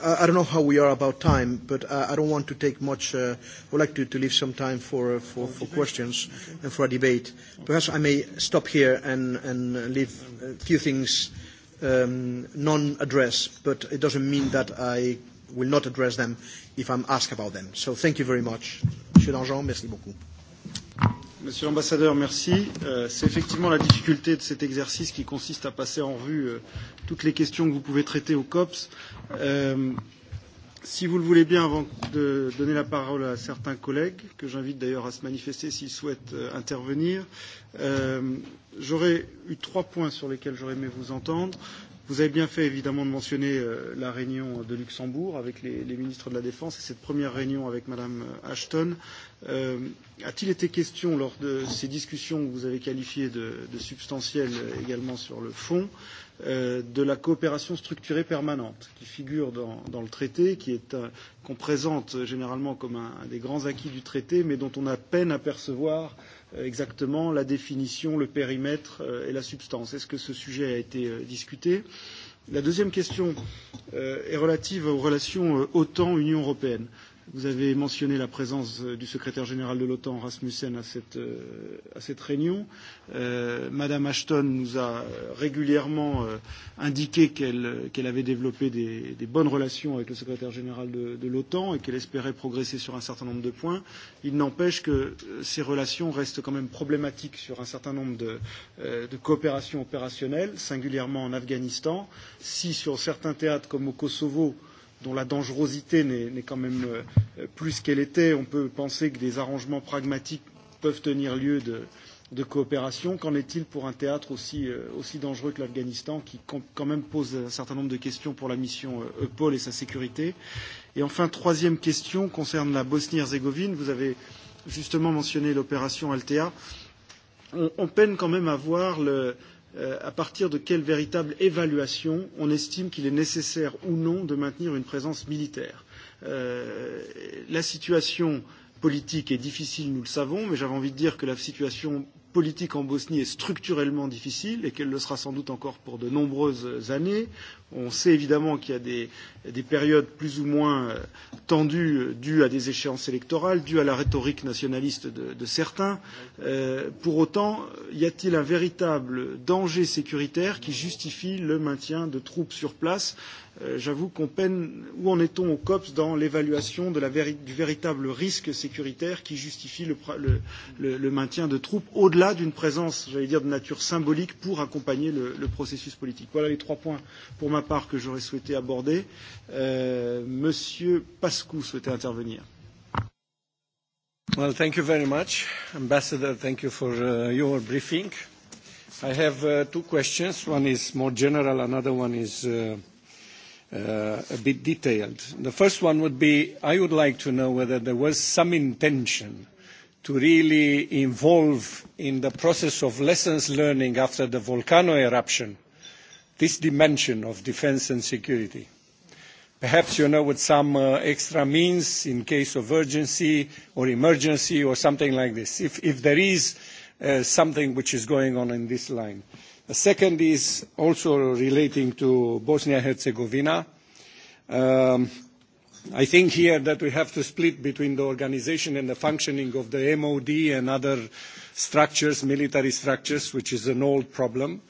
I, I don't know how we are about time, but I, I don't want to take much. Uh, I would like to, to leave some time for, uh, for, for questions and for a debate. Perhaps I may stop here and, and leave a few things um, non-addressed, but it doesn't mean that I will not address them if I'm asked about them. So thank you very much. Monsieur Dangean, merci beaucoup. Monsieur l'ambassadeur, merci. Euh, C'est effectivement la difficulté de cet exercice qui consiste à passer en revue euh, toutes les questions que vous pouvez traiter au COPS. Euh, si vous le voulez bien, avant de donner la parole à certains collègues, que j'invite d'ailleurs à se manifester s'ils souhaitent euh, intervenir, euh, j'aurais eu trois points sur lesquels j'aurais aimé vous entendre. Vous avez bien fait évidemment de mentionner euh, la réunion de Luxembourg avec les, les ministres de la Défense et cette première réunion avec Madame euh, Ashton. Euh, A-t-il été question lors de ces discussions que vous avez qualifiées de, de substantielles euh, également sur le fond euh, de la coopération structurée permanente qui figure dans, dans le traité, qu'on qu présente généralement comme un, un des grands acquis du traité, mais dont on a peine à percevoir euh, exactement la définition, le périmètre euh, et la substance. Est-ce que ce sujet a été euh, discuté La deuxième question euh, est relative aux relations OTAN-Union européenne. Vous avez mentionné la présence euh, du secrétaire général de l'OTAN, Rasmussen, à cette, euh, à cette réunion. Euh, Madame Ashton nous a régulièrement euh, indiqué qu'elle euh, qu avait développé des, des bonnes relations avec le secrétaire général de, de l'OTAN et qu'elle espérait progresser sur un certain nombre de points. Il n'empêche que ces relations restent quand même problématiques sur un certain nombre de, euh, de coopérations opérationnelles, singulièrement en Afghanistan. Si sur certains théâtres comme au Kosovo, euh, dont la dangerosité n'est quand même euh, plus qu'elle était. On peut penser que des arrangements pragmatiques peuvent tenir lieu de, de coopération. Qu'en est-il pour un théâtre aussi, euh, aussi dangereux que l'Afghanistan, qui quand même pose un certain nombre de questions pour la mission euh, EUPOL et sa sécurité Et enfin, troisième question concerne la Bosnie-Herzégovine. Vous avez justement mentionné l'opération Altea. On, on peine quand même à voir le, euh, Euh, à partir de quelle véritable évaluation on estime qu'il est nécessaire ou non de maintenir une présence militaire. Euh, la situation politique est difficile, nous le savons, mais j'avais envie de dire que la situation politique en Bosnie est structurellement difficile et qu'elle le sera sans doute encore pour de nombreuses années. On sait évidemment qu'il y a des, des périodes plus ou moins euh, tendues euh, dues à des échéances électorales, dues à la rhétorique nationaliste de, de certains. Euh, pour autant, y a-t-il un véritable danger sécuritaire qui justifie le maintien de troupes sur place euh, Euh, j'avoue qu'on peine, où en est-on au COPS dans l'évaluation du véritable risque sécuritaire qui justifie le, le, le, le maintien de troupes au-delà d'une présence, j'allais dire, de nature symbolique pour accompagner le, le processus politique. Voilà les trois points pour ma part que j'aurais souhaité aborder. Euh, Monsieur Pascou souhaitait intervenir. Well, thank you very much, Ambassador. Thank you for uh, your briefing. I have uh, two questions. One is more general, another one is uh, Uh, a bit detailed. The first one would be, I would like to know whether there was some intention to really involve in the process of lessons learning after the volcano eruption, this dimension of defence and security. Perhaps, you know, with some uh, extra means in case of urgency or emergency or something like this, if, if there is uh, something which is going on in this line. The second is also relating to Bosnia-Herzegovina. Um, I think here that we have to split between the organisation and the functioning of the MOD and other structures, military structures, which is an old problem.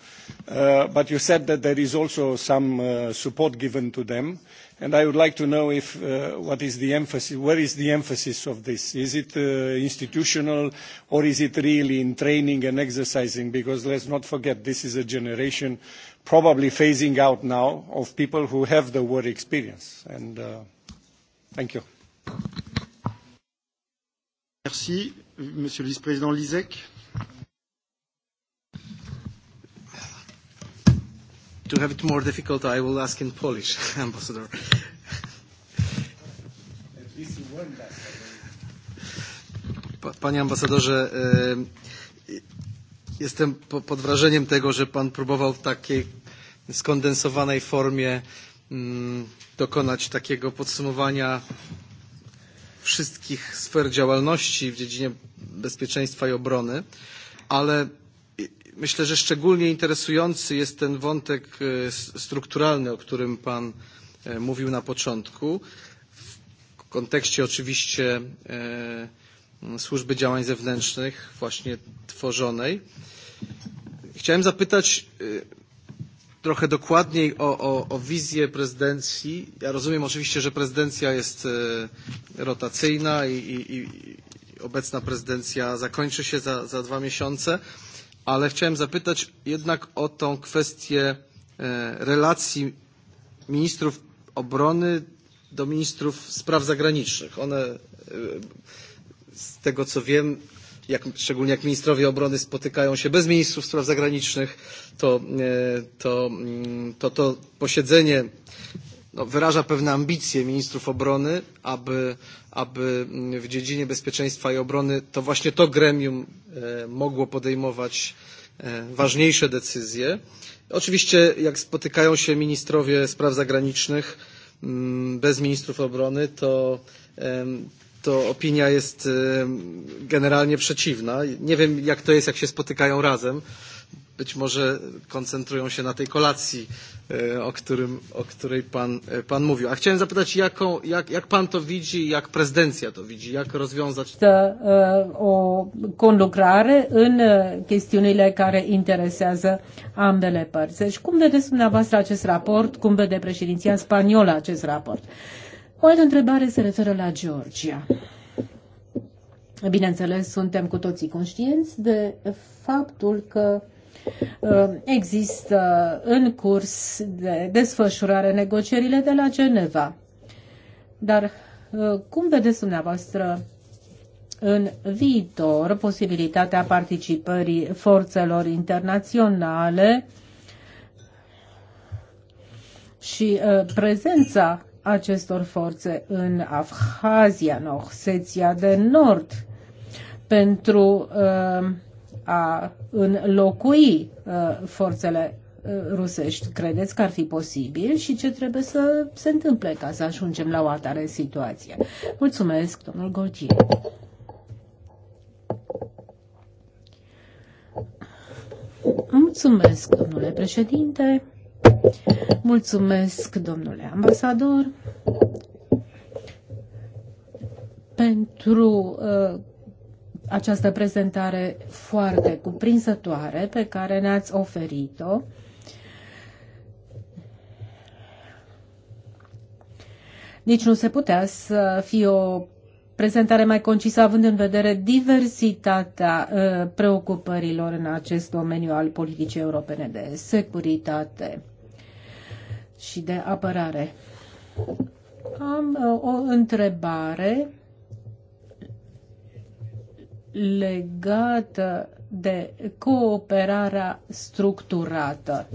Uh, but you said that there is also some uh, support given to them. Uh, And I would like to know if, uh, what is the emphasis, where is the emphasis of this? Is it uh, institutional or is it really in training and exercising? Because let's not forget, this is a generation probably phasing out now of people who have the war experience. And uh, thank you. Merci, Monsieur le vice Lisek. to have it more difficult, I will ask in Polish, Ambassador. Panie ambasadorze, jestem pod wrażeniem tego, że pan próbował w takiej skondensowanej formie mm, dokonać takiego podsumowania wszystkich sfer działalności w dziedzinie bezpieczeństwa i obrony, ale Myślę, że szczególnie interesujący jest ten wątek strukturalny, o którym Pan mówił na początku, w kontekście oczywiście służby działań zewnętrznych właśnie tworzonej. Chciałem zapytać trochę dokładniej o, o, o wizję prezydencji. Ja rozumiem oczywiście, że prezydencja jest rotacyjna i, i, i obecna prezydencja zakończy się za, za dwa miesiące ale chciałem zapytać jednak o tą kwestię relacji ministrów obrony do ministrów spraw zagranicznych. One, z tego co wiem, jak, szczególnie jak ministrowie obrony spotykają się bez ministrów spraw zagranicznych, to to, mm, to, to posiedzenie no, wyraża pewne ambicje ministrów obrony, aby, aby w dziedzinie bezpieczeństwa i obrony to właśnie to gremium mogło podejmować ważniejsze decyzje. Oczywiście jak spotykają się ministrowie spraw zagranicznych mm, bez ministrów obrony, to, to opinia jest generalnie przeciwna. Nie wiem jak to jest, jak się spotykają razem być może koncentrują się na tej kolacji, o, którym, o której pan, pan mówił. A chciałem zapytać, jaką, jak, jak pan to widzi, jak prezydencja to widzi, jak rozwiązać... to? O conlucrare în chestiunile care interesează ambele părți. Deci cum vedeți dumneavoastră acest raport, cum vede președinția spaniolă acest raport? O altă întrebare se referă la Georgia. Bineînțeles, suntem cu toții conștienți de faptul că Uh, există în curs de desfășurare negocierile de la Geneva. Dar uh, cum vedeți dumneavoastră în viitor posibilitatea participării forțelor internaționale și uh, prezența acestor forțe în Afhazia, în Osetia de Nord, pentru a înlocui uh, forțele uh, rusești. Credeți că ar fi posibil și ce trebuie să se întâmple ca să ajungem la o altare situație? Mulțumesc, domnul Gorgie. Mulțumesc, domnule președinte. Mulțumesc, domnule ambasador, pentru uh, această prezentare foarte cuprinsătoare pe care ne-ați oferit-o. Nici nu se putea să fie o prezentare mai concisă, având în vedere diversitatea ă, preocupărilor în acest domeniu al politicii europene de securitate și de apărare. Am ă, o întrebare legată de cooperarea structurată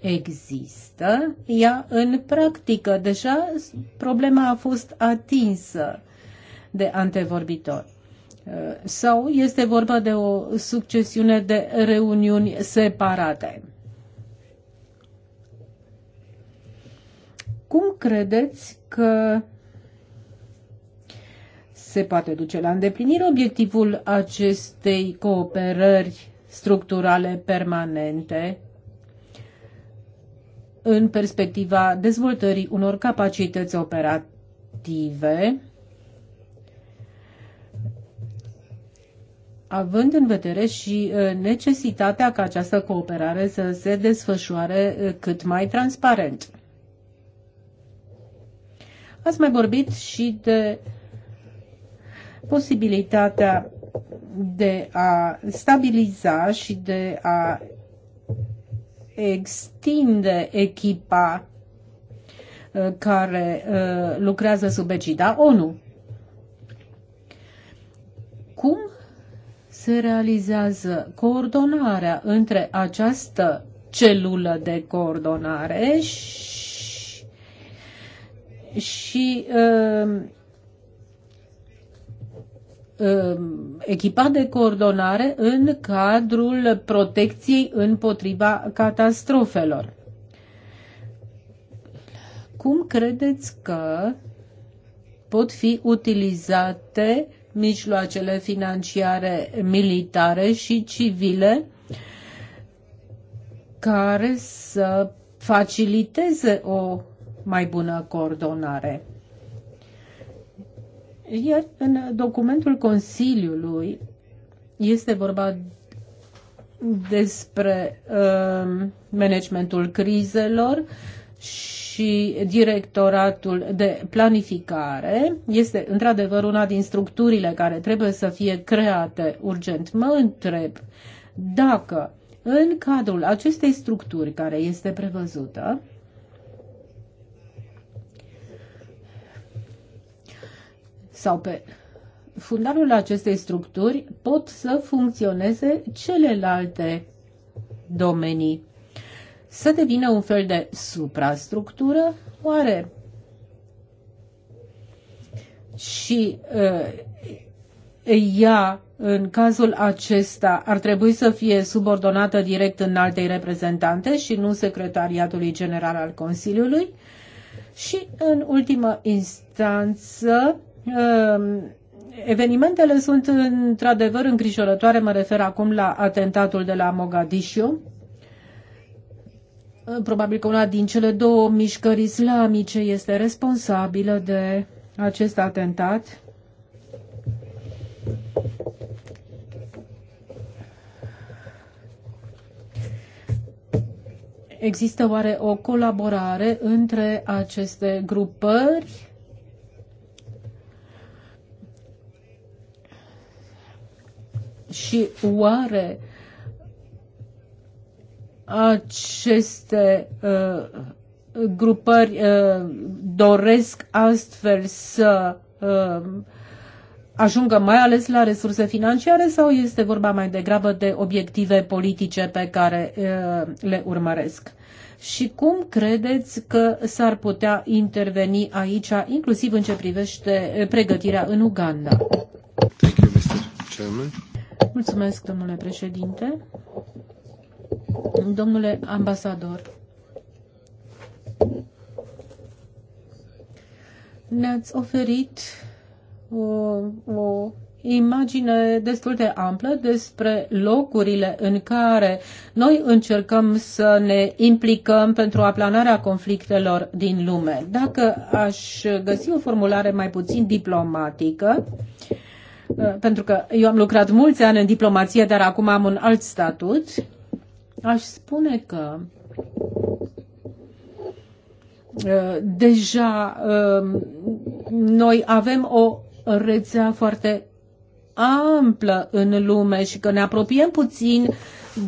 există, ea în practică deja problema a fost atinsă de antevorbitori. Sau este vorba de o succesiune de reuniuni separate? Cum credeți că se poate duce la îndeplinire obiectivul acestei cooperări structurale permanente în perspectiva dezvoltării unor capacități operative, având în vedere și uh, necesitatea ca această cooperare să se desfășoare uh, cât mai transparent. Ați mai vorbit și de posibilitatea de a stabiliza și de a extinde echipa uh, care uh, lucrează sub egida ONU. Cum se realizează coordonarea între această celulă de coordonare și, și uh, Um, echipa de coordonare în cadrul protecției împotriva catastrofelor. Cum credeți că pot fi utilizate mijloacele financiare militare și civile care să faciliteze o mai bună coordonare? Iar în documentul Consiliului este vorba despre uh, managementul crizelor și directoratul de planificare este într-adevăr una din structurile care trebuie să fie create urgent. Mă întreb dacă în cadrul acestei structuri care este prevăzută, sau pe fundalul acestei structuri pot să funcționeze celelalte domenii. Să devină un fel de suprastructură? Oare? Și uh, ea, în cazul acesta, ar trebui să fie subordonată direct în altei reprezentante și nu secretariatului general al Consiliului? Și, în ultimă instanță, Ehm, evenimentele sunt într-adevăr îngrijorătoare, mă refer acum la atentatul de la Mogadishu. Ehm, probabil că una din cele două mișcări islamice este responsabilă de acest atentat. Există oare o colaborare între aceste grupări? Și oare aceste uh, grupări uh, doresc astfel să uh, ajungă mai ales la resurse financiare sau este vorba mai degrabă de obiective politice pe care uh, le urmăresc? Și cum credeți că s-ar putea interveni aici, inclusiv în ce privește uh, pregătirea în Uganda? Thank you, Mr. Chairman. Mulțumesc, domnule președinte. Domnule ambasador, ne-ați oferit o, o imagine destul de amplă despre locurile în care noi încercăm să ne implicăm pentru aplanarea conflictelor din lume. Dacă aș găsi o formulare mai puțin diplomatică, uh, Uh, pentru că eu am lucrat mulți ani în diplomație, dar acum am un alt statut, aș spune că uh, deja um, noi avem o rețea foarte amplă în lume și că ne apropiem puțin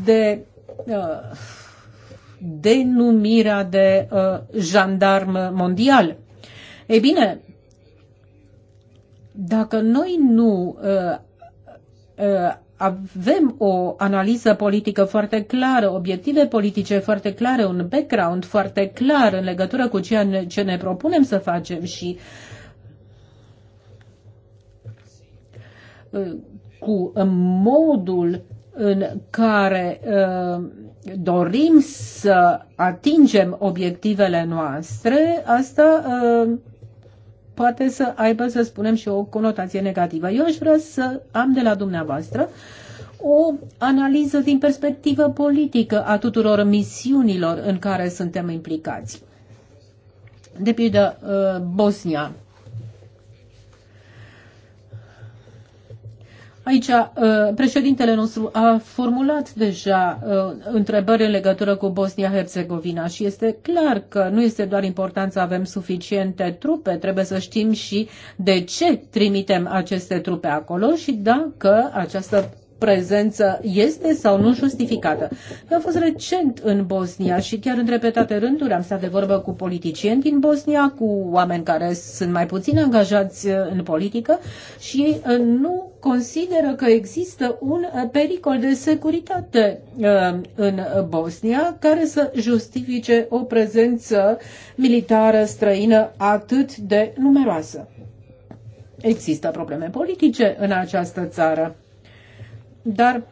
de uh, denumirea de jandarm mondial. Ei bine, dacă noi nu uh, uh, avem o analiză politică foarte clară, obiective politice foarte clare, un background foarte clar în legătură cu ceea ce ne propunem să facem și uh, cu modul în care dorim să atingem obiectivele noastre, asta poate să aibă, să spunem, și o conotație negativă. Eu aș vrea să am de la dumneavoastră o analiză din perspectivă politică a tuturor misiunilor în care suntem implicați. De pildă, uh, Bosnia Aici uh, președintele nostru a formulat deja uh, întrebări în legătură cu Bosnia-Herzegovina și este clar că nu este doar important să avem suficiente trupe, trebuie să știm și de ce trimitem aceste trupe acolo și dacă această prezență este sau nu justificată. Eu am fost recent în Bosnia și chiar în repetate rânduri am stat de vorbă cu politicieni din Bosnia, cu oameni care sunt mai puțin angajați în politică și uh, nu consideră că există un uh, pericol de securitate uh, în Bosnia care să justifice o prezență militară străină atât de numeroasă. Există probleme politice în această țară. Dar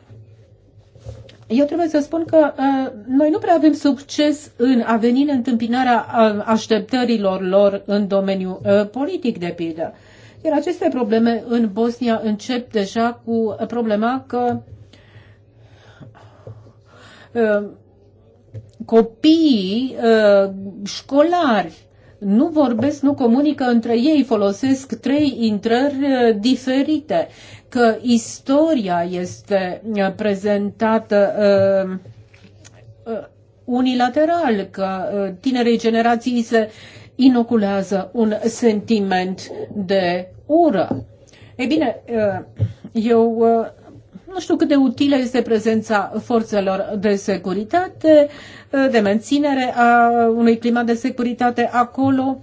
eu trebuie să spun că uh, noi nu prea avem succes în a veni în întâmpinarea uh, așteptărilor lor în domeniul uh, politic, de pildă. Iar aceste probleme în Bosnia încep deja cu problema că uh, copiii uh, școlari nu vorbesc, nu comunică între ei, folosesc trei intrări uh, diferite că istoria este uh, prezentată uh, uh, unilateral, că tinerei generații se inoculează un sentiment de ură. Ei bine, eu nu știu cât de utilă este prezența forțelor de securitate, de menținere a unui climat de securitate acolo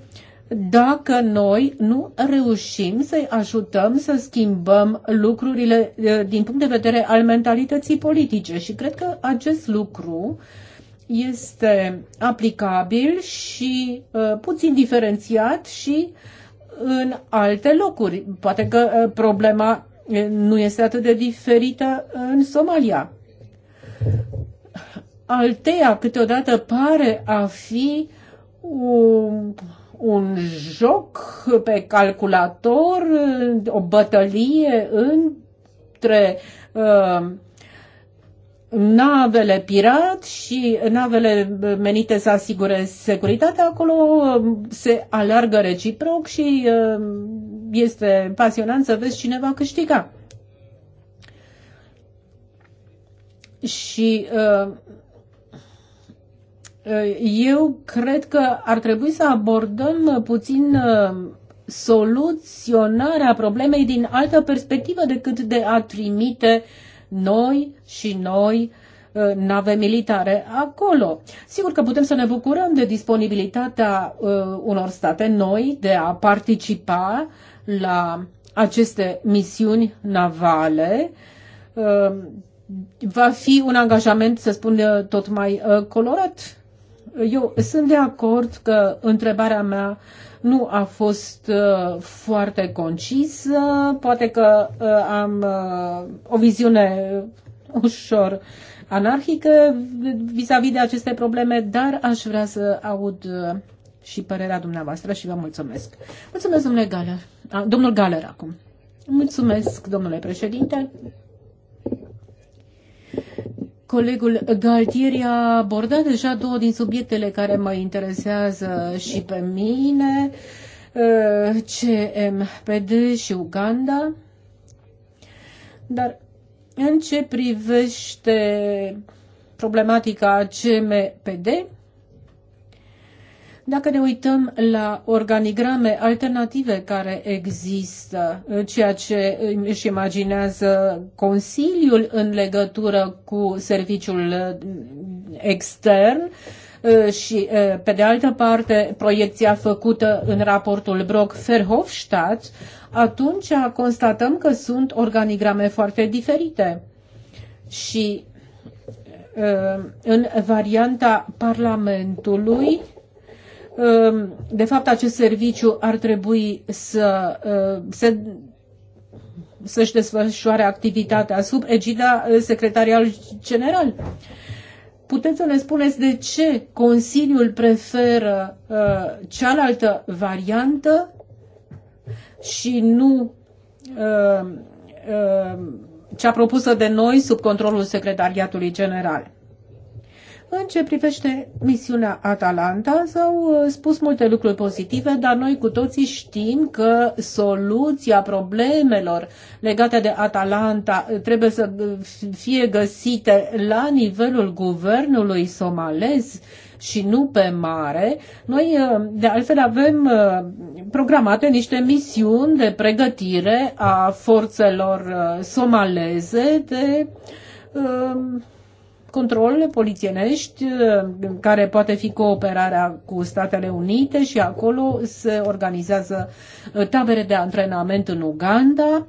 dacă noi nu reușim să-i ajutăm să schimbăm lucrurile eh, din punct de vedere al mentalității politice. Și cred că acest lucru este aplicabil și uh, puțin diferențiat și în alte locuri. Poate că uh, problema nu este atât de diferită în Somalia. Altea câteodată pare a fi un un joc pe calculator, o bătălie între uh, navele pirat și navele menite să asigure securitatea, acolo uh, se alargă reciproc și uh, este pasionant să vezi cine va câștiga. Și uh, Eh, eu cred că ar trebui să abordăm puțin eh, soluționarea problemei din altă perspectivă decât de a trimite noi și noi eh, nave militare acolo. Sigur că putem să ne bucurăm de disponibilitatea unor state noi de a participa la aceste misiuni navale. Va fi un angajament, să spun, tot mai colorat eu sunt de acord că întrebarea mea nu a fost uh, foarte concisă, poate că uh, am uh, o viziune ușor anarhică vis-a-vis -vis de aceste probleme, dar aș vrea să aud și părerea dumneavoastră și vă mulțumesc. Mulțumesc, domnule Galer. A, domnul Galer acum. Mulțumesc, domnule președinte. Colegul Galtieri a abordat deja două din subiectele care mă interesează și pe mine, uh, CMPD și Uganda. Dar în ce privește problematica CMPD, dacă ne uităm la organigrame alternative care există, ceea ce își imaginează Consiliul în legătură cu serviciul uh, extern, uh, și, uh, pe de altă parte, proiecția făcută în raportul brock ferhofstadt atunci constatăm că sunt organigrame foarte diferite. Și în varianta Parlamentului Ehm, de fapt, acest serviciu ar trebui să ehm, se să-și desfășoare activitatea sub egida eh, secretarial general. Puteți să ne spuneți de ce Consiliul preferă uh, cealaltă variantă și nu uh, uh, cea propusă de noi sub controlul Secretariatului General? În ce privește misiunea Atalanta, s-au uh, spus multe lucruri pozitive, dar noi cu toții știm că soluția problemelor legate de Atalanta uh, trebuie să uh, fie găsite la nivelul guvernului somalez și nu pe mare. Noi, de altfel, avem programate niște misiuni de pregătire a forțelor somaleze de controlele polițienești, uh, care poate fi cooperarea cu Statele Unite și acolo se organizează uh, tabere de antrenament în Uganda.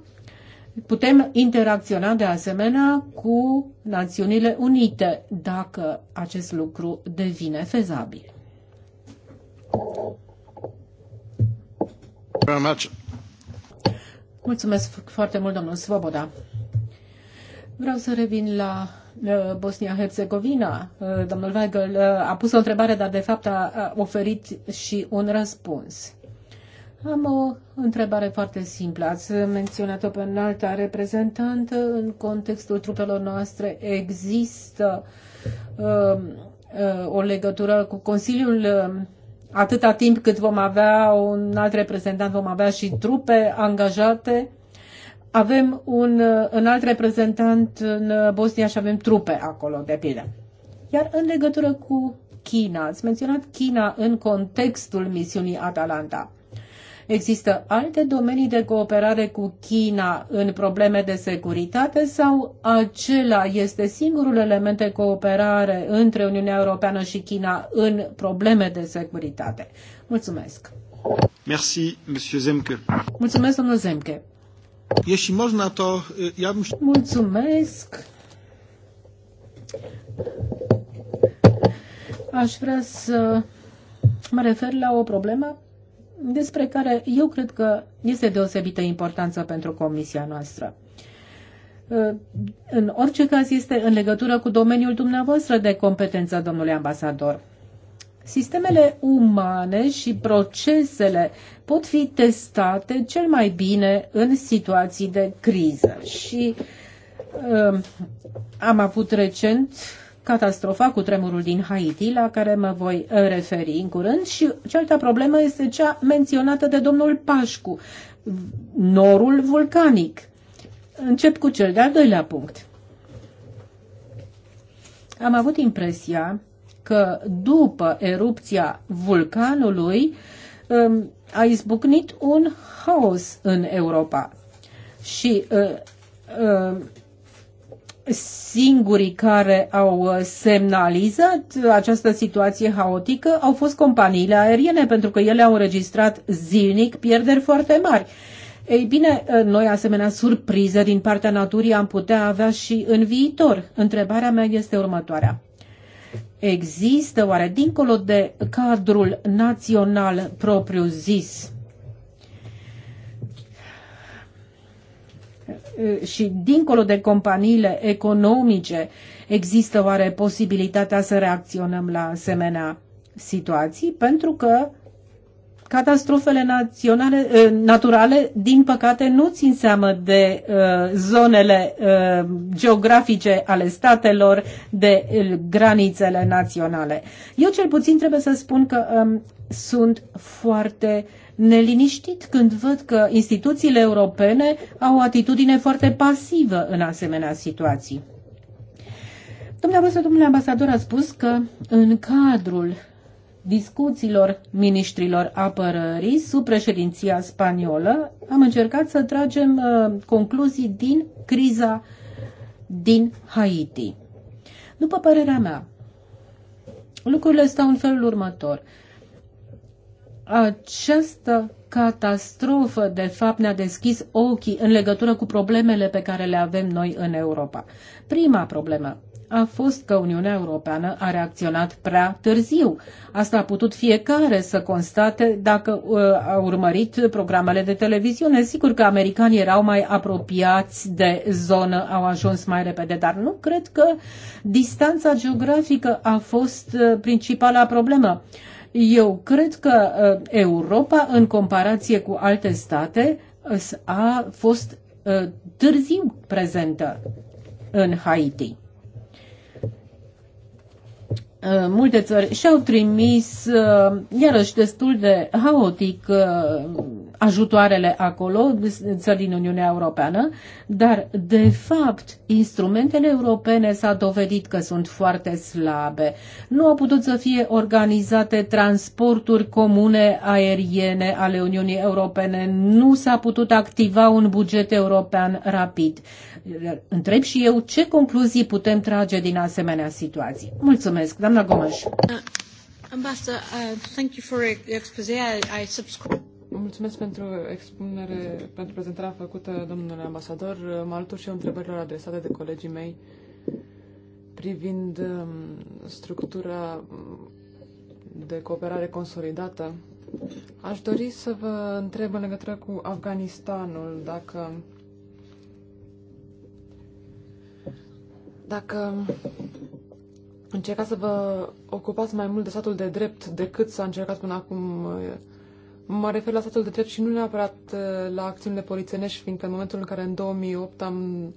Putem interacționa de asemenea cu Națiunile Unite dacă acest lucru devine fezabil. Mulțumesc foarte mult, domnul Svoboda. Vreau să revin la Eh, Bosnia-Herzegovina. Eh, domnul Weigel eh, a pus o întrebare, dar de fapt a oferit și un răspuns. Am o întrebare foarte simplă. Ați menționat-o pe înalta reprezentantă. În contextul trupelor noastre există uh, uh, o legătură cu Consiliul uh, atâta timp cât vom avea un alt reprezentant, vom avea și trupe angajate avem un uh, alt reprezentant în uh, Bosnia și avem trupe acolo, de pildă. Iar în legătură cu China, ați menționat China în contextul misiunii Atalanta. Există alte domenii de cooperare cu China în probleme de securitate sau acela este singurul element de cooperare între Uniunea Europeană și China în probleme de securitate? Mulțumesc! Merci, Monsieur Zemke. Mulțumesc, domnul Zemke. Jeśli można, to ja bym... Mulțumesc! Aș vrea să mă refer la o problemă despre care eu cred că este deosebită importanță pentru comisia noastră. În orice caz este în legătură cu domeniul dumneavoastră de competență, domnule ambasador. Sistemele umane și procesele pot fi testate cel mai bine în situații de criză și uh, am avut recent catastrofa cu tremurul din Haiti, la care mă voi referi în curând, și cealaltă problemă este cea menționată de domnul Pașcu, norul vulcanic. Încep cu cel de-al doilea punct. Am avut impresia că după erupția vulcanului um, a izbucnit un haos în Europa și uh, um, singurii care au uh, semnalizat această situație haotică au fost companiile aeriene, pentru că ele au înregistrat zilnic pierderi foarte mari. Ei bine, uh, noi asemenea surprize din partea naturii am putea avea și în viitor. Întrebarea mea este următoarea. Există oare dincolo de cadrul național propriu zis? și dincolo de companiile economice, există oare posibilitatea să reacționăm la asemenea situații? Pentru că Catastrofele naționale, eh, naturale, din păcate, nu țin seamă de uh, zonele uh, geografice ale statelor, de uh, granițele naționale. Eu cel puțin trebuie să spun că um, sunt foarte neliniștit când văd că instituțiile europene au o atitudine foarte pasivă în asemenea situații. Dumneavoastră, domnule ambasador, a spus că în cadrul discuțiilor ministrilor apărării sub președinția spaniolă, am încercat să tragem uh, concluzii din criza din Haiti. După părerea mea, lucrurile stau în felul următor. Această catastrofă, de fapt, ne-a deschis ochii în legătură cu problemele pe care le avem noi în Europa. Prima problemă, a fost că Uniunea Europeană a reacționat prea târziu. Asta a putut fiecare să constate dacă uh, a urmărit programele de televiziune. Sigur că americanii erau mai apropiați de zonă, au ajuns mai repede, dar nu cred că distanța geografică a fost uh, principala problemă. Eu cred că uh, Europa, în comparație cu alte state, a fost târziu prezentă în Haiti. Uh, multe țări și-au trimis uh, iarăși destul de haotic uh, ajutoarele acolo, țări din Uniunea Europeană, dar de fapt instrumentele europene s-a dovedit că sunt foarte slabe. Nu au putut să fie organizate transporturi comune aeriene ale Uniunii Europene, nu s-a putut activa un buget european rapid întreb și eu ce concluzii putem trage din asemenea situații. Mulțumesc, doamna Gomes. Uh, Ambassador, uh, thank you for expose. I, I subscribe. Mulțumesc pentru expunere, pentru prezentarea făcută, domnule ambasador. Mă alătur și eu întrebărilor adresate de colegii mei privind um, structura um, de cooperare consolidată. Aș dori să vă întreb în legătură cu Afganistanul dacă Dacă încercați să vă ocupați mai mult de statul de drept decât să încercați până acum, mă refer la statul de drept și nu neapărat uh, la acțiunile polițienești, fiindcă în momentul în care în 2008 am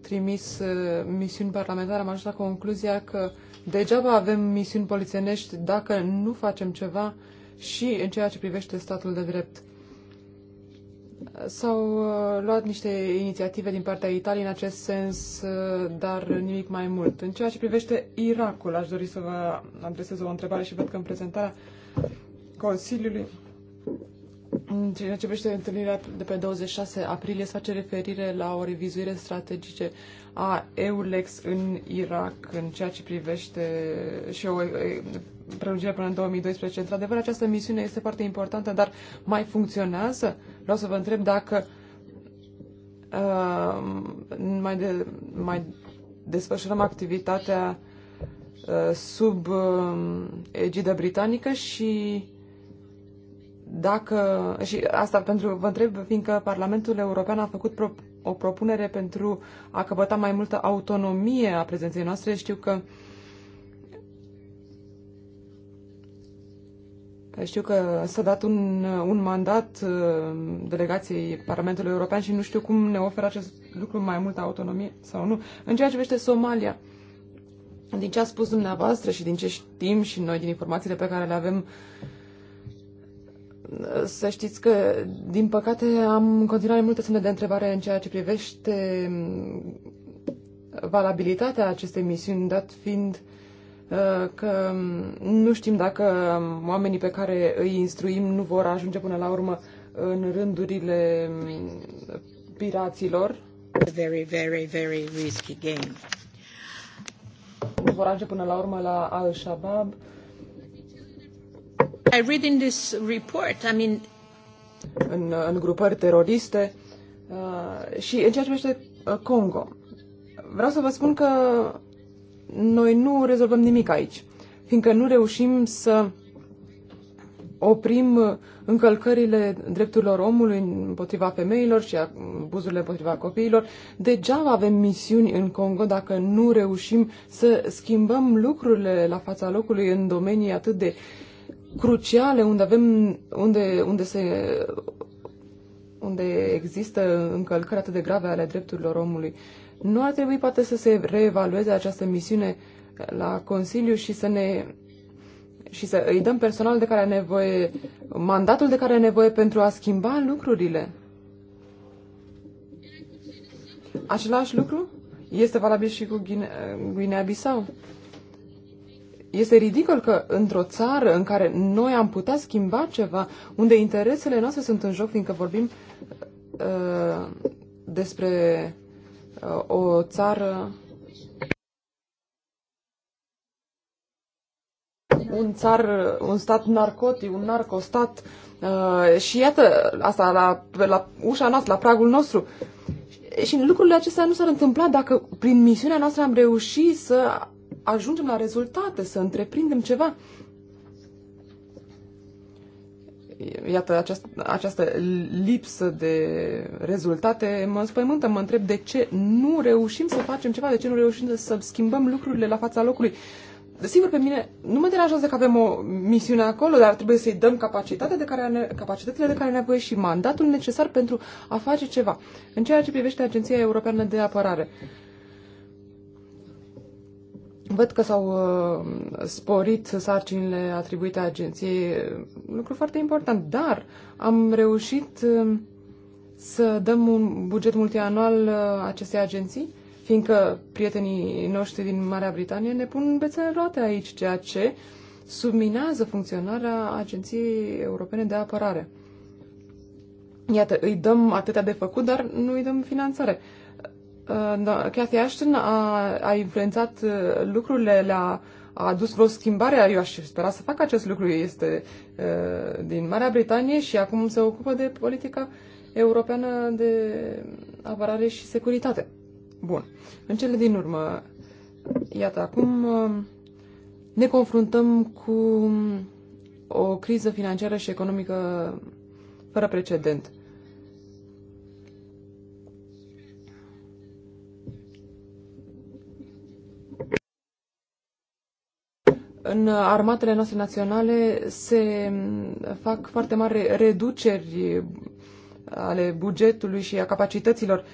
trimis uh, misiuni parlamentare, am ajuns la concluzia că degeaba avem misiuni polițienești dacă nu facem ceva și în ceea ce privește statul de drept. S-au uh, luat niște inițiative din partea Italiei în acest sens, uh, dar nimic mai mult. În ceea ce privește Irakul, aș dori să vă adresez o întrebare și văd că în prezentarea Consiliului, în ceea ce privește întâlnirea de pe 26 aprilie, se face referire la o revizuire strategice a EULEX în Irak în ceea ce privește și o prelungire până în 2012. Într-adevăr, această misiune este foarte importantă, dar mai funcționează? Vreau să vă întreb dacă uh, mai, de, mai desfășurăm activitatea uh, sub uh, egida britanică și dacă, și asta pentru, vă întreb, fiindcă Parlamentul European a făcut pro, o propunere pentru a căpăta mai multă autonomie a prezenței noastre. Știu că Știu că s-a dat un, un mandat uh, delegației Parlamentului European și nu știu cum ne oferă acest lucru mai multă autonomie sau nu. În ceea ce privește Somalia, din ce a spus dumneavoastră și din ce știm și noi, din informațiile pe care le avem uh, să știți că, din păcate, am în continuare multe semne de întrebare în ceea ce privește mm, valabilitatea acestei misiuni, dat fiind uh, că mm, nu știm dacă oamenii pe care îi instruim nu vor ajunge până la urmă în rândurile mm, piraților. Very, very, very risky game. Nu Vor ajunge până la urmă la Al-Shabaab I read in this report, I mean... în, în grupări teroriste uh, și în ceea ce privește uh, Congo. Vreau să vă spun că noi nu rezolvăm nimic aici, fiindcă nu reușim să oprim încălcările drepturilor omului împotriva femeilor și abuzurile împotriva copiilor. Degeaba avem misiuni în Congo dacă nu reușim să schimbăm lucrurile la fața locului în domenii atât de cruciale unde avem, unde, unde se unde există încălcări atât de grave ale drepturilor omului. Nu ar trebui poate să se reevalueze această misiune la Consiliu și să ne și să îi dăm personal de care are nevoie, mandatul de care are nevoie pentru a schimba lucrurile. Același lucru este valabil și cu Guinea-Bissau. Este ridicol că într-o țară în care noi am putea schimba ceva, unde interesele noastre sunt în joc, fiindcă vorbim uh, despre uh, o țară un țar, un stat narcotic, un narcostat uh, și iată asta la, la ușa noastră, la pragul nostru. Și lucrurile acestea nu s-ar întâmpla dacă prin misiunea noastră am reușit să ajungem la rezultate, să întreprindem ceva. Iată, această, această lipsă de rezultate mă înspăimântă, mă întreb de ce nu reușim să facem ceva, de ce nu reușim să schimbăm lucrurile la fața locului. Sigur, pe mine nu mă deranjează că avem o misiune acolo, dar trebuie să-i dăm capacitatea de care ne, capacitățile de care ne nevoie și mandatul necesar pentru a face ceva. În ceea ce privește Agenția Europeană de Apărare, uh, Văd că s-au uh, sporit sarcinile atribuite agenției, lucru foarte important, dar am reușit uh, să dăm un buget multianual uh, acestei agenții, fiindcă prietenii noștri din Marea Britanie ne pun bețe roate aici, ceea ce subminează funcționarea Agenției Europene de Apărare. Iată, îi dăm atâtea de făcut, dar nu îi dăm finanțare. Uh, da, Cathy Ashton a, a influențat uh, lucrurile, le a adus vreo schimbare, eu aș spera să facă acest lucru, este uh, din Marea Britanie și acum se ocupă de politica europeană de apărare și securitate. Bun. În cele din urmă, iată, acum ne confruntăm cu o criză financiară și economică fără precedent. în armatele noastre naționale se fac foarte mari reduceri ale bugetului și a capacităților.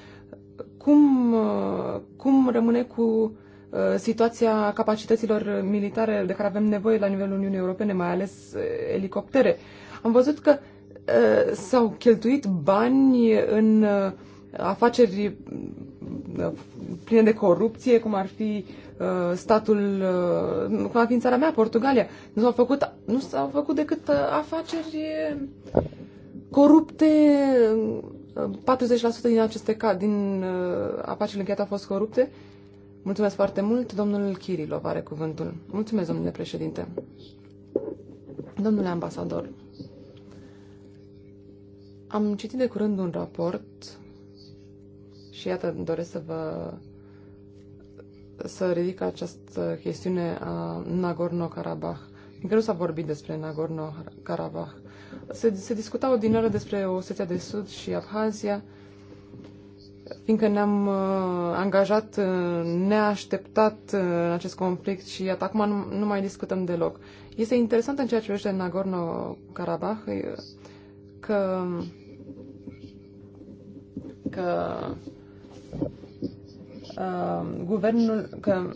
Cum, cum rămâne cu uh, situația capacităților militare de care avem nevoie la nivelul Uniunii Europene, mai ales uh, elicoptere? Am văzut că uh, s-au cheltuit bani în uh, afaceri uh, pline de corupție, cum ar fi uh, statul, uh, cum ar fi în țara mea, Portugalia. Nu s-au făcut, nu s-au făcut decât afaceri corupte. 40% din aceste ca, din afacerile încheiate au fost corupte. Mulțumesc foarte mult. Domnul Kirilov are cuvântul. Mulțumesc, domnule președinte. Domnule ambasador, am citit de curând un raport și iată, doresc să vă să ridic această chestiune a Nagorno-Karabakh. Încă nu s-a vorbit despre Nagorno-Karabakh. Se, se discuta odinioară despre Osetia de Sud și Abhazia, fiindcă ne-am uh, angajat uh, neașteptat uh, în acest conflict și iată, acum nu, nu mai discutăm deloc. Este interesant în ceea ce privește Nagorno-Karabakh uh, că că uh, guvernul, că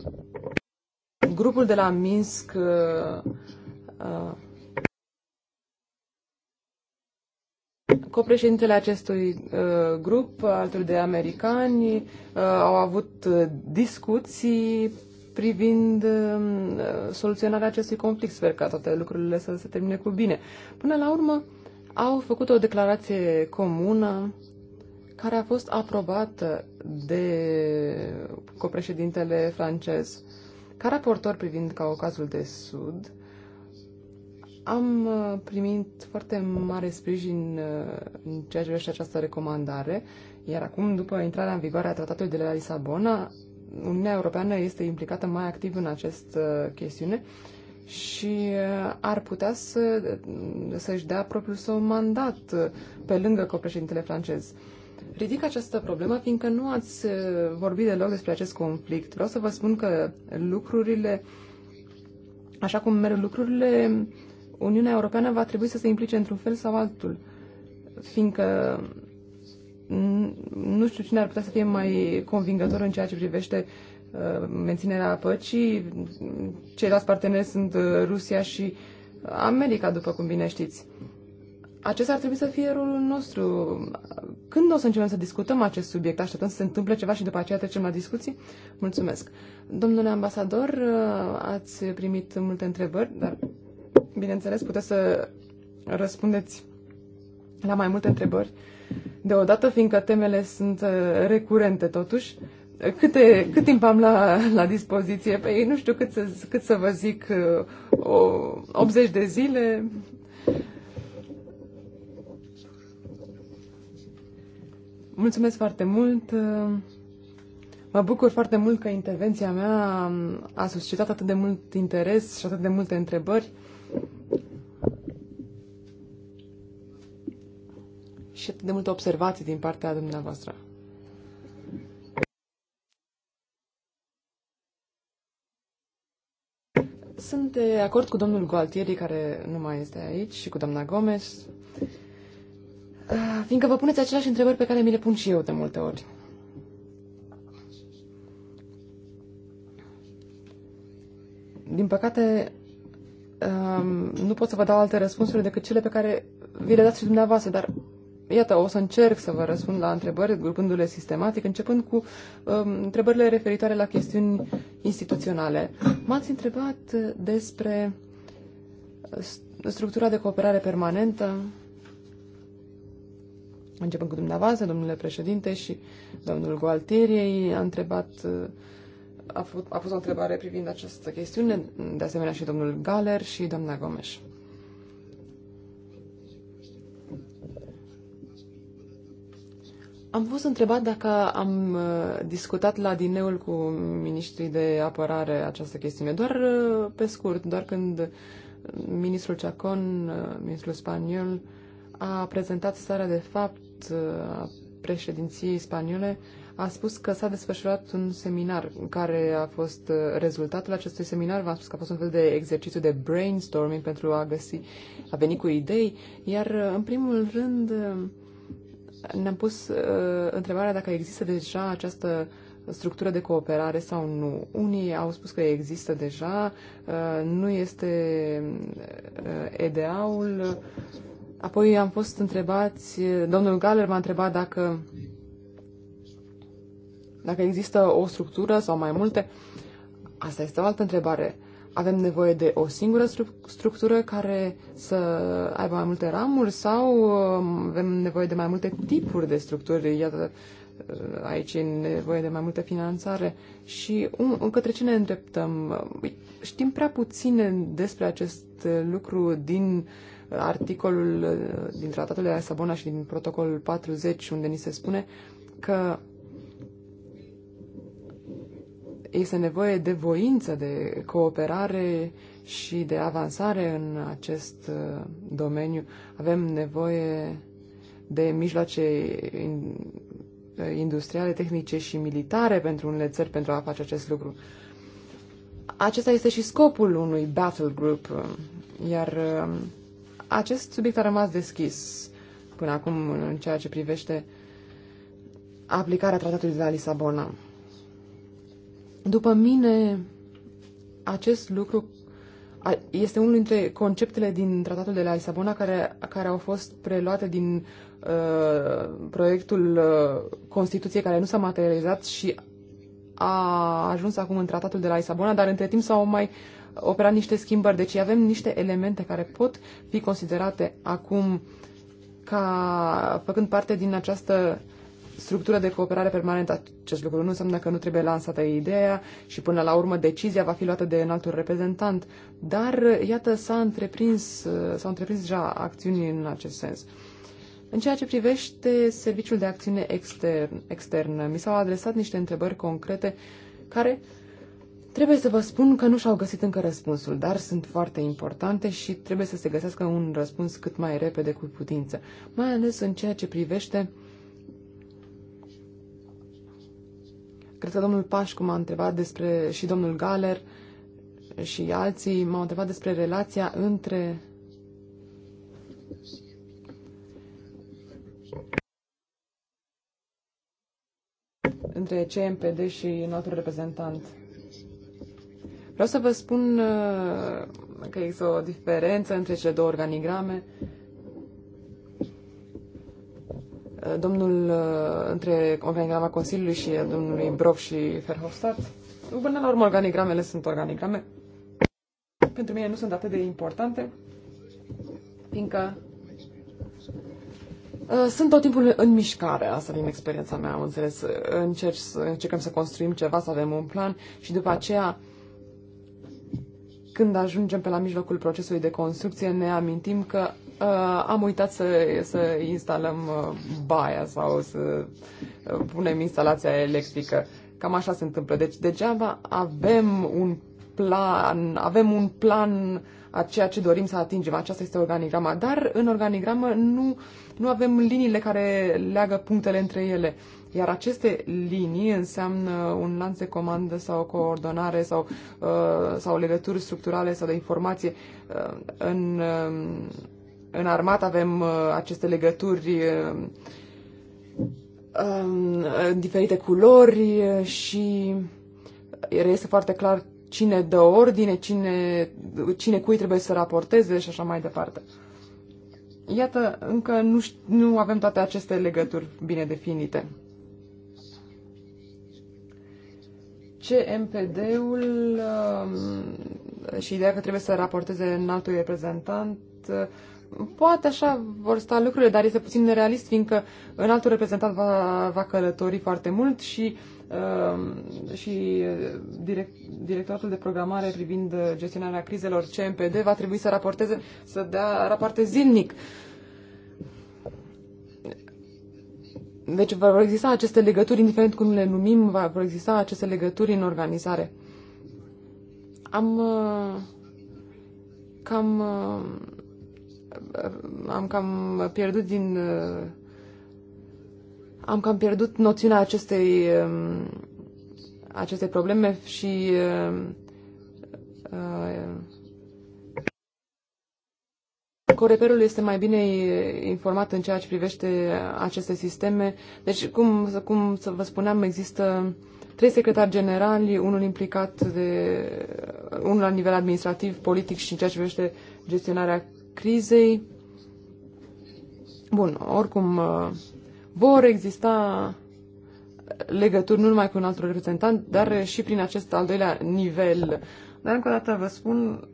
grupul de la Minsk uh, uh Copreședintele acestui uh, grup, alături de americani, uh, au avut uh, discuții privind uh, soluționarea acestui conflict. Sper ca toate lucrurile să se termine cu bine. Până la urmă, au făcut o declarație comună care a fost aprobată de copreședintele francez. Ca raportor privind Caucazul de Sud, am uh, primit foarte mare sprijin uh, în ceea ce privește această recomandare, iar acum, după intrarea în vigoare a Tratatului de la Lisabona, Uniunea Europeană este implicată mai activ în această chestiune și uh, ar putea să, să-și dea propriul său mandat pe lângă copreședintele francez. Ridic această problemă fiindcă nu ați uh, vorbit deloc despre acest conflict. Vreau să vă spun că lucrurile, așa cum merg lucrurile, Uniunea Europeană va trebui să se implice într-un fel sau altul, fiindcă nu știu cine ar putea să fie mai convingător în ceea ce privește uh, menținerea păcii. Ceilalți parteneri sunt uh, Rusia și America, după cum bine știți acesta ar trebui să fie rolul nostru. Când o să începem să discutăm acest subiect? Așteptăm să se întâmple ceva și după aceea trecem la discuții? Mulțumesc. Domnule ambasador, uh, ați primit multe întrebări, dar bineînțeles puteți să răspundeți la mai multe întrebări deodată, fiindcă temele sunt uh, recurente totuși. Câte, cât timp am la, la dispoziție? Păi nu știu cât să, cât să vă zic, uh, o, 80 de zile, Mulțumesc foarte mult. Mă bucur foarte mult că intervenția mea a suscitat atât de mult interes și atât de multe întrebări. Și atât de multe observații din partea dumneavoastră. Sunt de acord cu domnul Gualtieri, care nu mai este aici, și cu doamna Gomes. Ah, fiindcă vă puneți aceleași întrebări pe care mi le pun și eu de multe ori. Din păcate, nu pot să vă dau alte răspunsuri decât cele pe care vi le dați și dumneavoastră, dar iată, o să încerc să vă răspund la întrebări, grupându-le sistematic, începând cu um, întrebările referitoare la chestiuni instituționale. M-ați întrebat despre structura de cooperare permanentă, Începând cu dumneavoastră, domnule președinte și domnul Gualtieri, a întrebat, a, făcut, a pus o întrebare privind această chestiune, de asemenea și domnul Galer și doamna Gomes. Am fost întrebat dacă am uh, discutat la dineul cu ministrii de apărare această chestiune. Doar uh, pe scurt, doar când ministrul Chacon, uh, ministrul spaniol, a prezentat starea de fapt a uh, președinției spaniole a spus că s-a desfășurat un seminar care a fost uh, rezultatul acestui seminar. V-am spus că a fost un fel de exercițiu de brainstorming pentru a găsi, a veni cu idei, iar uh, în primul rând ne-am pus uh, întrebarea dacă există deja această structură de cooperare sau nu. Unii au spus că există deja, uh, nu este uh, EDA-ul, Apoi am fost întrebați, domnul Galer m-a întrebat dacă, dacă există o structură sau mai multe. Asta este o altă întrebare. Avem nevoie de o singură structură care să aibă mai multe ramuri sau um, avem nevoie de mai multe tipuri de structuri? Iată, uh, aici e nevoie de mai multă finanțare și un, către ce ne îndreptăm? Știm prea puține despre acest lucru din uh, articolul uh, din Tratatul de la Sabona și din protocolul 40, unde ni se spune că este nevoie de voință, de cooperare și de avansare în acest uh, domeniu. Avem nevoie de mijloace uh, industriale, tehnice și militare pentru unele țări pentru a face acest lucru. Acesta este și scopul unui battle group, iar acest subiect a rămas deschis până acum în ceea ce privește aplicarea tratatului de la Lisabona. După mine, acest lucru este unul dintre conceptele din tratatul de la Lisabona care, care au fost preluate din uh, proiectul uh, Constituției care nu s-a materializat și a ajuns acum în tratatul de la Lisabona, dar între timp s-au mai uh, opera niște schimbări. Deci avem niște elemente care pot fi considerate acum ca făcând parte din această structură de cooperare permanentă. Acest lucru nu înseamnă că nu trebuie lansată ideea și până la urmă decizia va fi luată de înaltul reprezentant. Dar, iată, s-a întreprins, s-au întreprins deja acțiuni în acest sens. În ceea ce privește serviciul de acțiune extern, externă, mi s-au adresat niște întrebări concrete care Trebuie să vă spun că nu și-au găsit încă răspunsul, dar sunt foarte importante și trebuie să se găsească un răspuns cât mai repede cu putință, mai ales în ceea ce privește Cred că domnul Pașcu m-a întrebat despre, și domnul Galer și alții m-au întrebat despre relația între între CMPD și înaltul reprezentant. Vreau să vă spun uh, că există o diferență între cele două organigrame. Uh, domnul, uh, între organigrama Consiliului și domnului Brov și Ferhofstadt. Până la urmă, organigramele sunt organigrame. Pentru mine nu sunt atât de importante, fiindcă sunt tot timpul în mișcare, asta din experiența mea, am înțeles. Încerc, încercăm să construim ceva, să avem un plan și după aceea când ajungem pe la mijlocul procesului de construcție, ne amintim că uh, am uitat să, să instalăm uh, baia sau să uh, punem instalația electrică. Cam așa se întâmplă. Deci degeaba avem un plan, avem un plan a ceea ce dorim să atingem. Aceasta este organigrama. Dar în organigramă nu, nu avem liniile care leagă punctele între ele. Iar aceste linii înseamnă un lanț de comandă sau coordonare sau, uh, sau legături structurale sau de informație. Uh, în, uh, în armat avem uh, aceste legături uh, uh, în diferite culori și reiese foarte clar cine dă ordine, cine, cine cui trebuie să raporteze și așa mai departe. Iată, încă nu, nu avem toate aceste legături bine definite. CMPD-ul um, și ideea că trebuie să raporteze înaltul reprezentant poate așa vor sta lucrurile, dar este puțin nerealist, fiindcă în altul reprezentat va, va călători foarte mult și, um, uh, și direct, directoratul de programare privind gestionarea crizelor CMPD va trebui să raporteze, să dea rapoarte zilnic. Deci vor exista aceste legături, indiferent cum le numim, vor exista aceste legături în organizare. Am uh, cam uh, am cam pierdut din... Uh, am cam pierdut noțiunea acestei, um, acestei probleme și um, uh, Coreperul este mai bine informat în ceea ce privește aceste sisteme. Deci, cum, cum să vă spuneam, există trei secretari generali, unul implicat de, unul la nivel administrativ, politic și în ceea ce privește gestionarea crizei. Bun, oricum uh, vor exista legături nu numai cu un alt reprezentant, dar și prin acest al doilea nivel. Dar încă o dată vă spun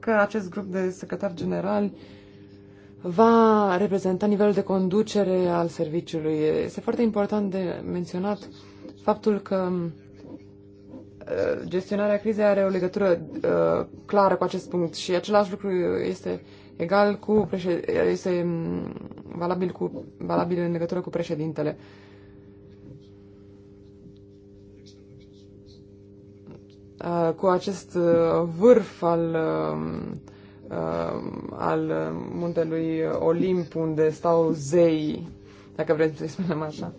că acest grup de secretari generali va reprezenta nivelul de conducere al serviciului. Este foarte important de menționat faptul că uh, gestionarea crizei are o legătură uh, clară cu acest punct și același lucru este egal cu președ... este valabil, cu... valabil în legătură cu președintele. Uh, cu acest uh, vârf al, um, uh, al muntelui Olimp, unde stau zei, dacă vreți să-i spunem așa.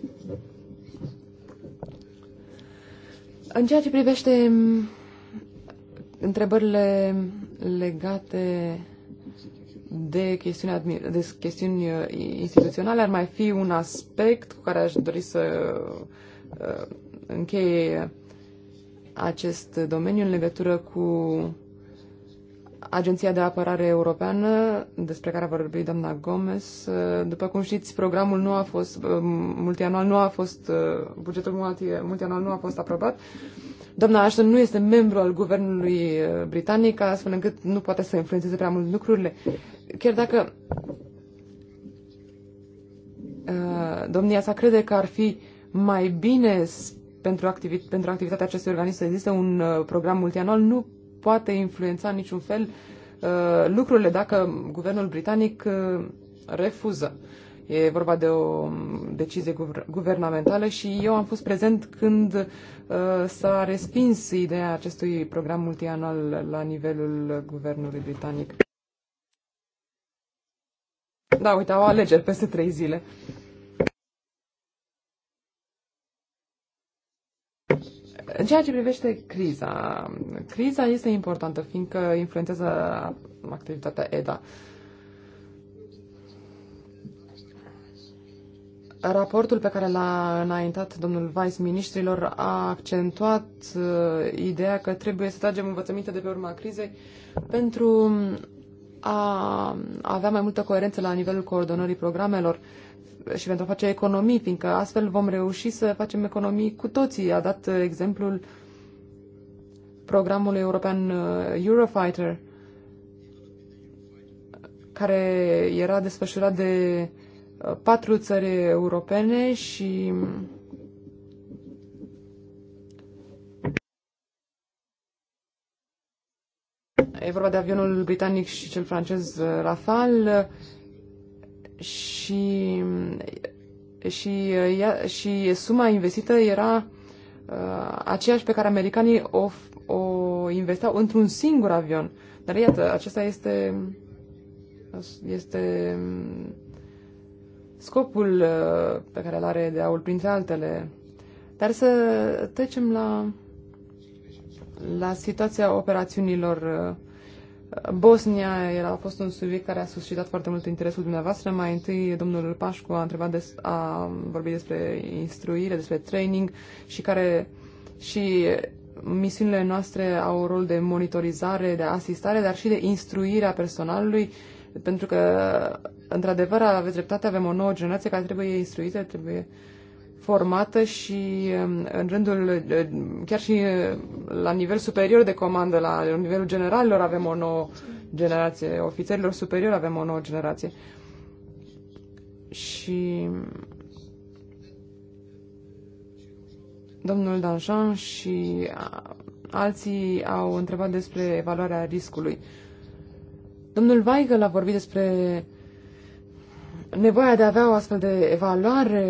În ceea ce privește um, întrebările legate de chestiuni, de chestiuni uh, instituționale ar mai fi un aspect cu care aș dori să uh, încheie acest domeniu în legătură cu Agenția de Apărare Europeană, despre care a vorbit doamna Gomez. Uh, după cum știți, programul nu a fost, multianual nu a fost, bugetul multianual nu a fost aprobat. Doamna Ashton nu este membru al guvernului britanic, astfel încât nu poate să influențeze prea mult lucrurile chiar dacă uh, domnia sa crede că ar fi mai bine pentru, activi- pentru activitatea acestui organism să existe un uh, program multianual, nu poate influența în niciun fel uh, lucrurile dacă guvernul britanic uh, refuză. E vorba de o um, decizie guvernamentală și eu am fost prezent când uh, s-a respins ideea acestui program multianual la nivelul guvernului britanic. Da, uite, au alegeri peste trei zile. În ceea ce privește criza, criza este importantă, fiindcă influențează activitatea EDA. Raportul pe care l-a înaintat domnul Vice ministrilor a accentuat uh, ideea că trebuie să tragem învățăminte de pe urma crizei pentru a avea mai multă coerență la nivelul coordonării programelor și pentru a face economii, fiindcă astfel vom reuși să facem economii cu toții. A dat exemplul programului european uh, Eurofighter, care era desfășurat de uh, patru țări europene și E vorba de avionul britanic și cel francez uh, Rafale și, și, uh, și suma investită era uh, aceeași pe care americanii o, o investeau într-un singur avion. Dar iată, acesta este, este scopul pe care îl are de aul, printre altele. Dar să trecem la, la situația operațiunilor Bosnia era, a fost un subiect care a suscitat foarte mult interesul dumneavoastră. Mai întâi, domnul Pașcu a, întrebat des, a vorbit despre instruire, despre training și care și misiunile noastre au rol de monitorizare, de asistare, dar și de instruire a personalului, pentru că, într-adevăr, aveți dreptate, avem o nouă generație care trebuie instruită, trebuie uh, formată și um, în rândul, uh, chiar și uh, la nivel superior de comandă, la nivelul generalilor avem o nouă generație, ofițerilor superiori avem o nouă generație. Și domnul Danjean și alții au întrebat despre evaluarea riscului. Domnul Weigel a vorbit despre nevoia de a avea o astfel de evaluare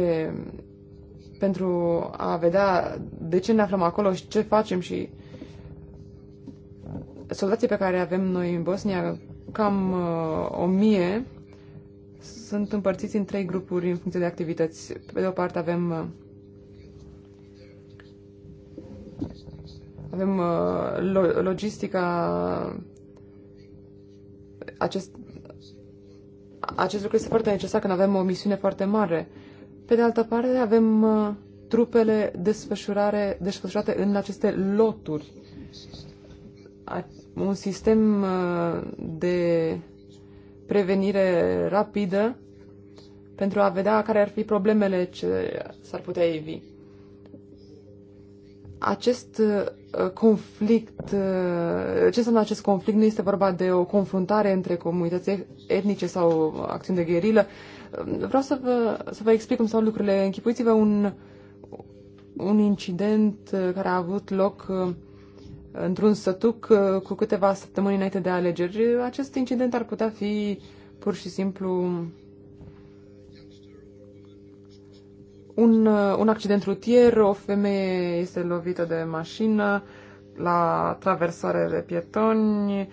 pentru a vedea de ce ne aflăm acolo și ce facem și soldații pe care avem noi în Bosnia, cam uh, o mie, sunt împărțiți în trei grupuri în funcție de activități. Pe de o parte avem uh, avem uh, lo- logistica acest acest lucru este foarte necesar când avem o misiune foarte mare. Uh, pe de altă parte, avem uh, trupele desfășurare, desfășurate în aceste loturi. Un sistem uh, de prevenire rapidă pentru a vedea care ar fi problemele ce s-ar putea evi acest uh, conflict, uh, ce înseamnă acest conflict? Nu este vorba de o confruntare între comunități etnice sau acțiuni de gherilă. Um, vreau să vă, să vă explic cum stau lucrurile. Închipuiți-vă un, un incident uh, care a avut loc într-un sătuc cu câteva săptămâni înainte de alegeri. Acest incident ar putea fi pur și simplu un, uh, un accident rutier, o femeie este lovită de mașină la traversare de pietoni, uh,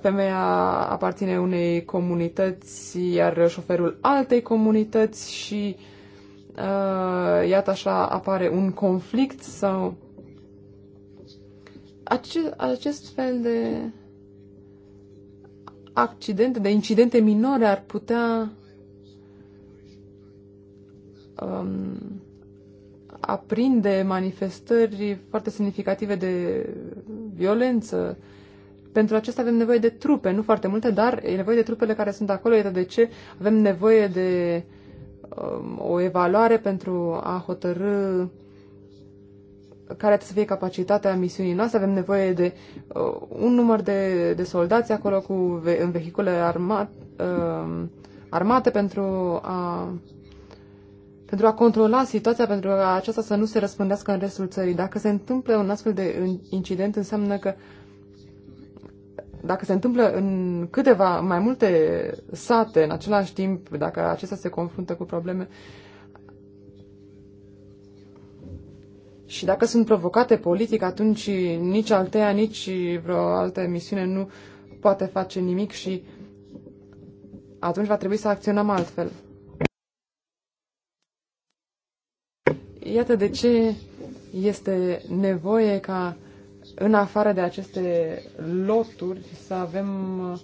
femeia aparține unei comunități, iar șoferul altei comunități și uh, iată așa apare un conflict sau acest, acest fel de accidente, de incidente minore ar putea um, aprinde manifestări foarte semnificative de violență. Pentru acesta avem nevoie de trupe, nu foarte multe, dar e nevoie de trupele care sunt acolo, iată de ce avem nevoie de um, o evaluare pentru a hotărâ care trebuie să fie capacitatea misiunii noastre. Avem nevoie de uh, un număr de, de soldați acolo cu ve- în vehicule armat, uh, um, armate pentru a pentru a controla situația, pentru a aceasta să nu se răspândească în restul țării. Dacă se întâmplă un astfel de incident, înseamnă că dacă se întâmplă în câteva mai multe sate în același timp, dacă acesta se confruntă cu probleme și dacă sunt provocate politic, atunci nici Altea, nici vreo altă misiune nu poate face nimic și atunci va trebui să acționăm altfel. Iată de ce este nevoie ca în afară de aceste loturi să avem uh,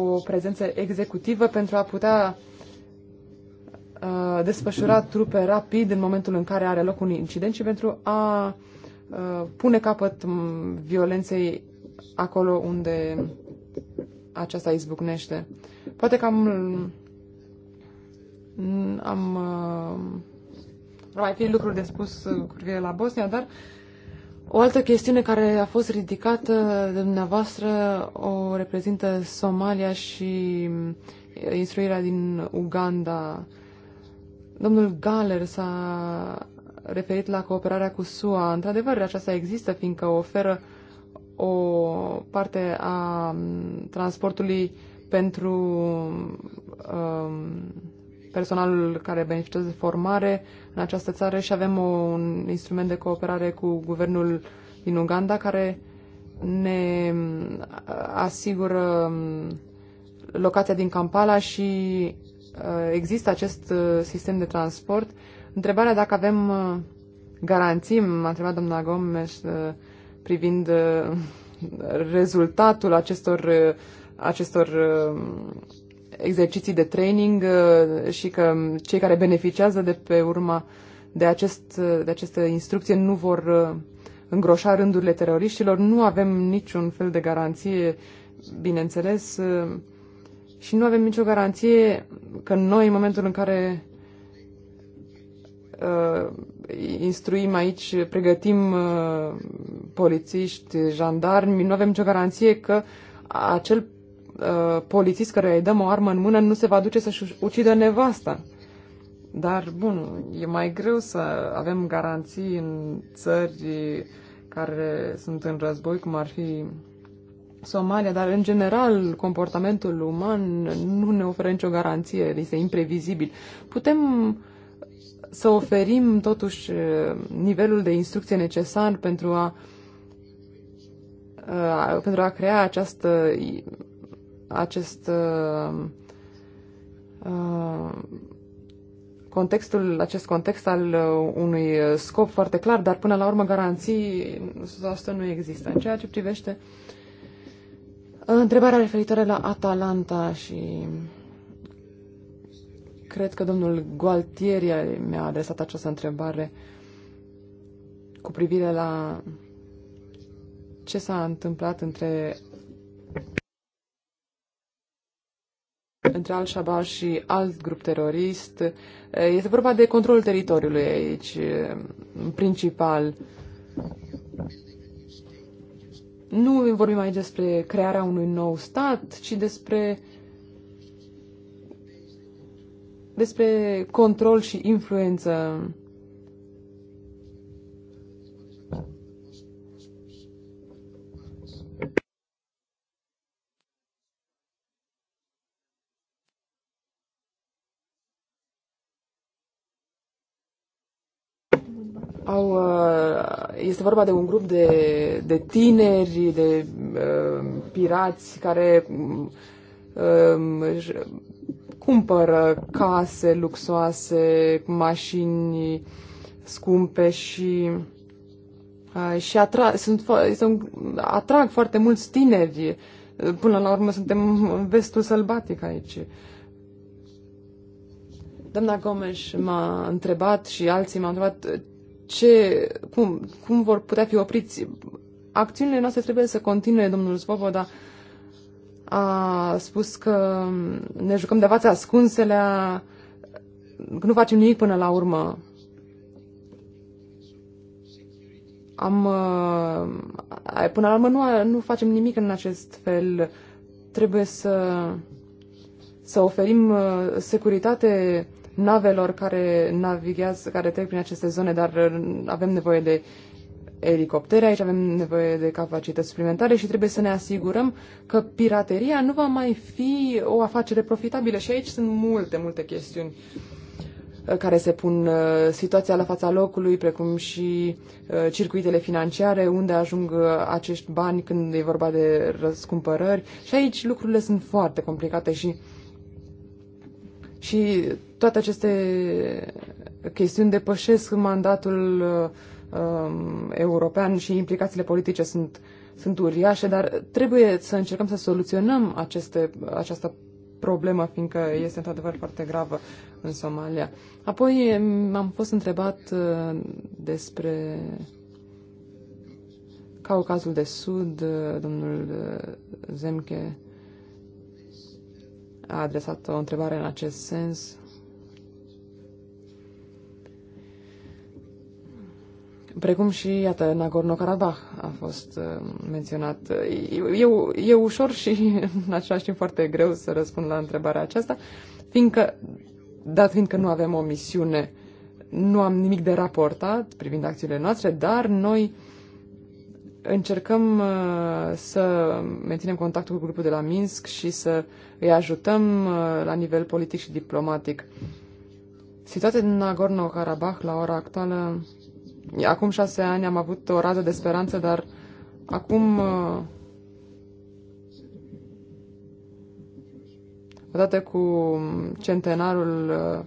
o prezență executivă pentru a putea uh, desfășura trupe rapid în momentul în care are loc un incident și pentru a uh, pune capăt violenței acolo unde aceasta izbucnește. Poate că am, am uh, ar mai fi lucruri de spus uh, cu privire la Bosnia, dar o altă chestiune care a fost ridicată de dumneavoastră o reprezintă Somalia și mm, instruirea din Uganda. Domnul Galer s-a referit la cooperarea cu SUA. Într-adevăr, aceasta există, fiindcă oferă o parte a mm, transportului pentru um, personalul care beneficiază de formare în această țară și avem o, un instrument de cooperare cu guvernul din Uganda care ne mm, asigură mm, locația din Kampala și uh, există acest uh, sistem de transport. Întrebarea dacă avem uh, garanții, m-a întrebat doamna Gomes privind rezultatul acestor, acestor exerciții de training uh, și că cei care beneficiază de pe urma de, acest, uh, de această instrucție nu vor uh, îngroșa rândurile teroriștilor. Nu avem niciun fel de garanție, bineînțeles, și nu avem nicio garanție că noi, în momentul în care uh, instruim aici, pregătim uh, polițiști, jandarmi, nu avem nicio garanție că acel Uh, polițist care îi dăm o armă în mână nu se va duce să-și ucidă nevasta. Dar, bun, e mai greu să avem garanții în țări care sunt în război, cum ar fi Somalia, dar, în general, comportamentul uman nu ne oferă nicio garanție, este imprevizibil. Putem să oferim, totuși, nivelul de instrucție necesar pentru a, a uh, pentru a crea această acest uh, uh, contextul, acest context al uh, unui scop foarte clar, dar până la urmă garanții asta nu există. În ceea ce privește întrebarea referitoare la Atalanta și cred că domnul Gualtieri mi-a adresat această întrebare cu privire la ce s-a întâmplat între între Al-Shabaab și alt grup terorist. Este vorba de controlul teritoriului aici, în principal. Nu vorbim aici despre crearea unui nou stat, ci despre despre control și influență au, uh, este vorba de un grup de, de tineri, de uh, pirați care uh, cumpără case luxoase, mașini scumpe și uh, și atra- sunt, sunt, atrag foarte mulți tineri. Până la urmă suntem în vestul sălbatic aici. Doamna Gomes m-a întrebat și alții m-au întrebat ce, cum, cum vor putea fi opriți. Acțiunile noastre trebuie să continue, domnul Svoboda a spus că ne jucăm de fața ascunsele că nu facem nimic până la urmă. Am, uh, până la urmă nu, nu facem nimic în acest fel. Trebuie să, să oferim uh, securitate navelor care navighează, care trec prin aceste zone, dar avem nevoie de elicoptere, aici avem nevoie de capacități suplimentare și trebuie să ne asigurăm că pirateria nu va mai fi o afacere profitabilă. Și aici sunt multe, multe chestiuni uh, care se pun uh, situația la fața locului, precum și uh, circuitele financiare, unde ajung acești bani când e vorba de răscumpărări. Și aici lucrurile sunt foarte complicate și, și toate aceste chestiuni depășesc mandatul uh, european și implicațiile politice sunt, sunt uriașe, dar trebuie să încercăm să soluționăm aceste, această problemă, fiindcă este într-adevăr foarte gravă în Somalia. Apoi am fost întrebat uh, despre Caucazul de Sud, uh, domnul uh, Zemke a adresat o întrebare în acest sens. Precum și, iată, Nagorno-Karabakh a fost uh, menționat. E, e ușor și, în același timp, foarte greu să răspund la întrebarea aceasta, fiindcă, dat fiindcă nu avem o misiune, nu am nimic de raportat privind acțiunile noastre, dar noi încercăm uh, să menținem contactul cu grupul de la Minsk și să îi ajutăm uh, la nivel politic și diplomatic. Situația din Nagorno-Karabakh la ora actuală Acum șase ani am avut o rază de speranță, dar acum, uh, odată cu centenarul uh,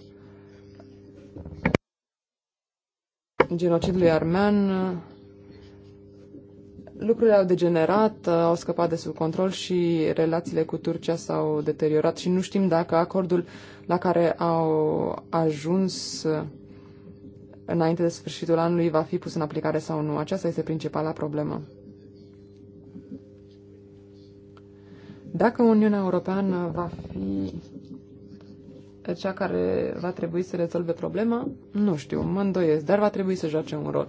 genocidului armean, uh, lucrurile au degenerat, au scăpat de sub control și relațiile cu Turcia s-au deteriorat și nu știm dacă acordul la care au ajuns înainte de sfârșitul anului va fi pus în aplicare sau nu. Aceasta este principala problemă. Dacă Uniunea Europeană va fi cea care va trebui să rezolve problema, nu știu, mă îndoiesc, dar va trebui să joace un rol.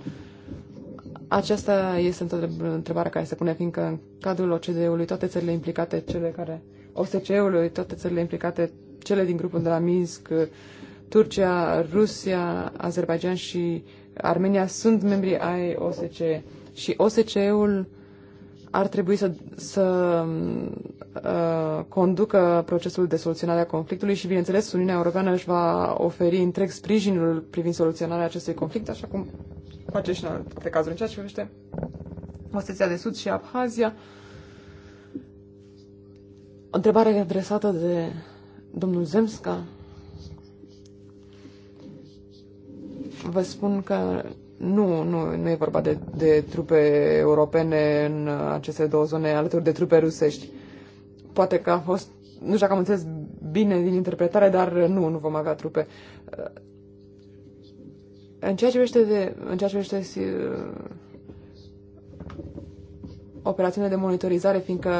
Aceasta este întrebarea care se pune, fiindcă în cadrul OCDE-ului toate țările implicate, cele care... OSCE-ului, toate țările implicate, cele din grupul de la Minsk, Turcia, Rusia, Azerbaijan și Armenia sunt membri ai OSCE și OSCE-ul ar trebui să, să uh, conducă procesul de soluționare a conflictului și, bineînțeles, Uniunea Europeană își va oferi întreg sprijinul privind soluționarea acestui conflict, așa cum face și în alte cazuri. În ceea ce privește Osteția de Sud și Abhazia, o întrebare adresată de domnul Zemska, Vă spun că nu, nu, nu e vorba de, de trupe europene în aceste două zone alături de trupe rusești. Poate că a fost, nu știu dacă am înțeles bine din interpretare, dar nu, nu vom avea trupe. În ceea ce privește de, în ceea ce privește operațiune de monitorizare, fiindcă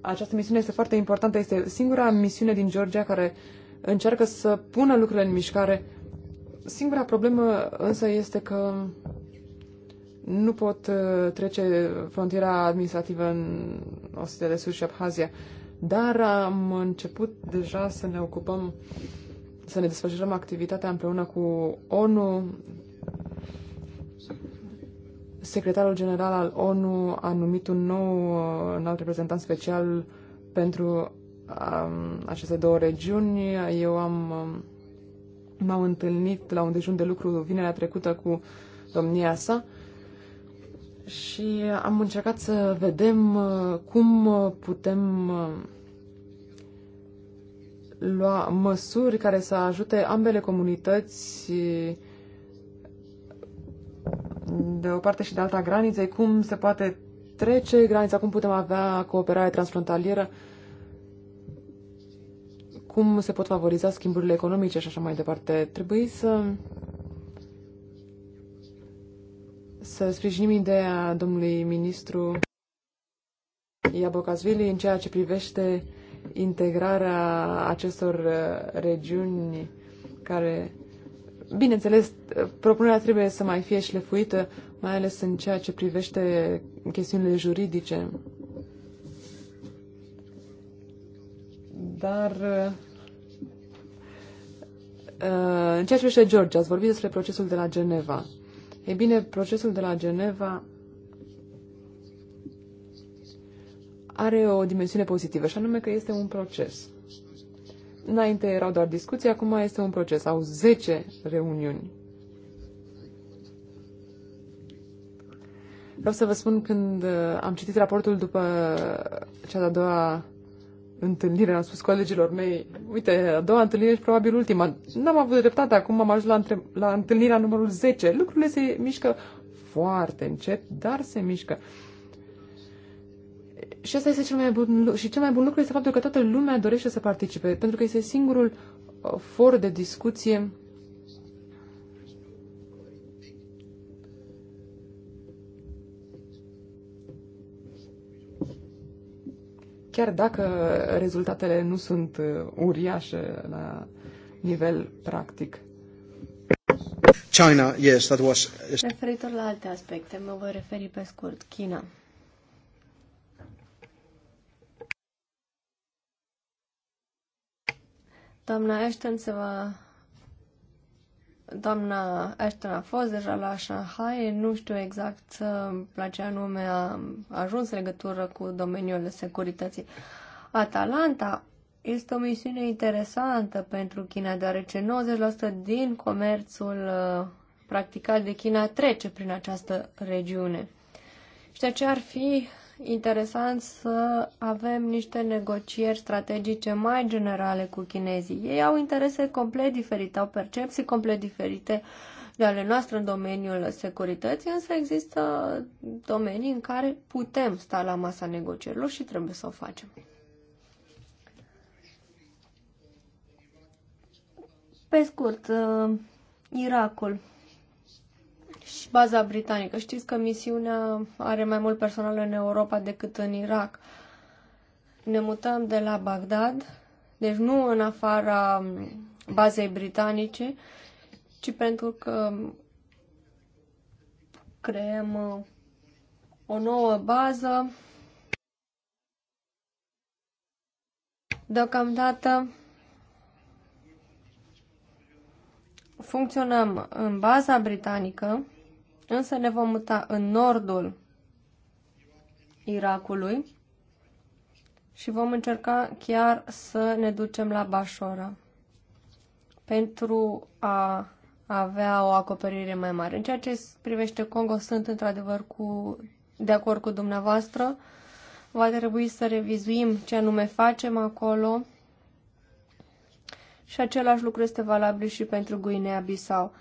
această misiune este foarte importantă, este singura misiune din Georgia care încearcă să pună lucrurile în mișcare Singura problemă însă este că nu pot uh, trece frontiera administrativă în Osetia de Sud și Abhazia, dar am început deja să ne ocupăm, să ne desfășurăm activitatea împreună cu ONU. Secretarul general al ONU a numit un nou uh, alt reprezentant special pentru um, aceste două regiuni. Eu am um, M-am întâlnit la un dejun de lucru vinerea trecută cu domnia sa și am încercat să vedem uh, cum uh, putem uh, lua măsuri care să ajute ambele comunități de o parte și de alta graniței, cum se poate trece granița, cum putem avea cooperare transfrontalieră cum se pot favoriza schimburile economice și așa mai departe. Trebuie să să sprijinim ideea domnului ministru Iabocasvili în ceea ce privește integrarea acestor uh, regiuni care, bineînțeles, propunerea trebuie să mai fie șlefuită, mai ales în ceea ce privește chestiunile juridice. Dar uh, uh, în ceea ce privește George, ați vorbit despre procesul de la Geneva. E bine, procesul de la Geneva are o dimensiune pozitivă, și anume că este un proces. Înainte erau doar discuții, acum este un proces. Au 10 reuniuni. Vreau să vă spun când uh, am citit raportul după cea de-a doua întâlnire, am spus colegilor mei, uite, a doua întâlnire și probabil ultima. N-am avut dreptate, acum am ajuns la, între, la întâlnirea numărul 10. Lucrurile se mișcă foarte încet, dar se mișcă. Și asta este cel mai bun Și cel mai bun lucru este faptul că toată lumea dorește să participe, pentru că este singurul uh, for de discuție chiar dacă rezultatele nu sunt uh, uriașe la nivel practic. China, yes, that was... Referitor la alte aspecte, mă voi referi pe scurt. China. Doamna Ashton se va Doamna Ashton a fost deja la Shanghai, nu știu exact uh, la ce anume a ajuns legătură cu domeniul securității. Atalanta este o misiune interesantă pentru China, deoarece 90% din comerțul uh, practicat de China trece prin această regiune. Și de ce ar fi interesant să avem niște negocieri strategice mai generale cu chinezii. Ei au interese complet diferite, au percepții complet diferite de ale noastre în domeniul securității, însă există domenii în care putem sta la masa negocierilor și trebuie să o facem. Pe scurt, uh, Irakul și baza britanică. Știți că misiunea are mai mult personal în Europa decât în Irak. Ne mutăm de la Bagdad, deci nu în afara bazei britanice, ci pentru că creăm uh, o nouă bază. Deocamdată funcționăm în baza britanică, Însă ne vom muta în nordul Irakului și vom încerca chiar să ne ducem la Bașora pentru a avea o acoperire mai mare. În ceea ce privește Congo, sunt într-adevăr cu, de acord cu dumneavoastră. Va trebui să revizuim ce anume facem acolo și același lucru este valabil și pentru Guinea-Bissau.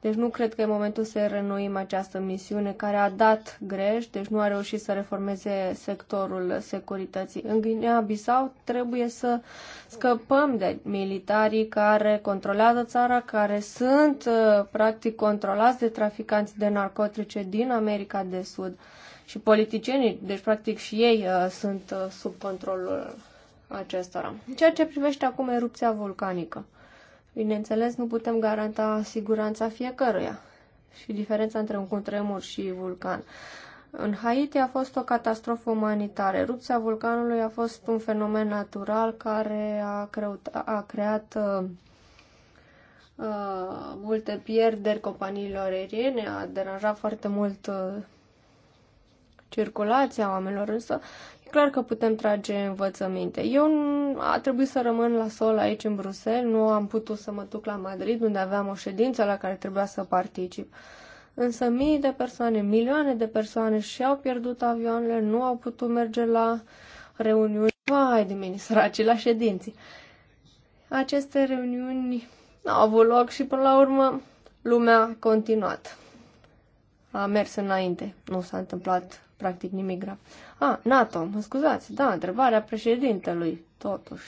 Deci nu cred că e momentul să renoim această misiune care a dat greș, deci nu a reușit să reformeze sectorul securității. În Guinea-Bissau trebuie să scăpăm de militarii care controlează țara, care sunt uh, practic controlați de traficanți de narcotice din America de Sud și politicienii, deci practic și ei uh, sunt uh, sub controlul acestora. În ceea ce privește acum erupția vulcanică. Bineînțeles, nu putem garanta siguranța fiecăruia și diferența între un cutremur și vulcan. În Haiti a fost o catastrofă umanitară. Erupția vulcanului a fost un fenomen natural care a, creut, a creat uh, uh multe pierderi companiilor aeriene, a deranjat foarte mult uh, circulația oamenilor, însă clar că putem trage învățăminte. Eu a trebuit să rămân la sol aici în Bruxelles, nu am putut să mă duc la Madrid, unde aveam o ședință la care trebuia să particip. Însă mii de persoane, milioane de persoane și-au pierdut avioanele, nu au putut merge la reuniuni. Vai de mine, săracii, la ședinții. Aceste reuniuni au avut loc și până la urmă lumea a continuat. A mers înainte, nu s-a întâmplat practic nimic grav. Ah, NATO, mă scuzați, da, întrebarea președintelui, totuși.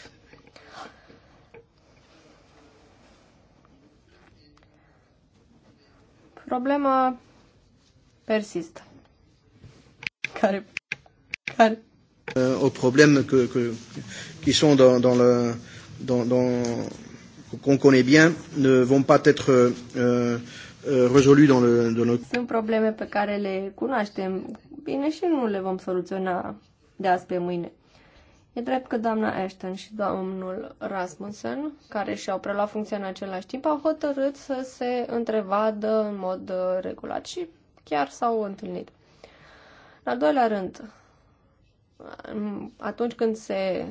Problema persistă. Care, care Uh, au probleme que, que, qui sont dans, dans le dans, dans, qu'on connaît bien ne vont pas être euh, euh, résolus dans le dans le. Sunt probleme pe care le cunoaștem bine și nu le vom soluționa de azi pe mâine. E drept că doamna Ashton și domnul Rasmussen, care și-au preluat funcția în același timp, au hotărât să se întrevadă în mod uh, regulat și chiar s-au întâlnit. În al doilea rând, um, atunci când se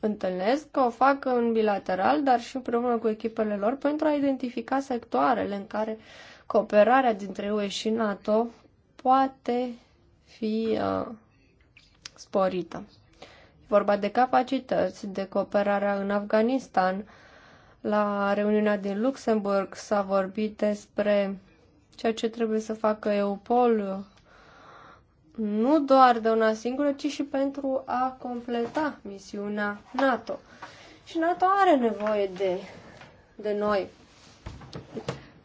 întâlnesc, o fac în bilateral, dar și împreună cu echipele lor pentru a identifica sectoarele în care Cooperarea dintre UE și NATO poate fi uh, sporită. vorba de capacități, de cooperare în Afganistan. La reuniunea din Luxemburg s-a vorbit despre ceea ce trebuie să facă EUPOL nu doar de una singură, ci și pentru a completa misiunea NATO. Și NATO are nevoie de, de noi.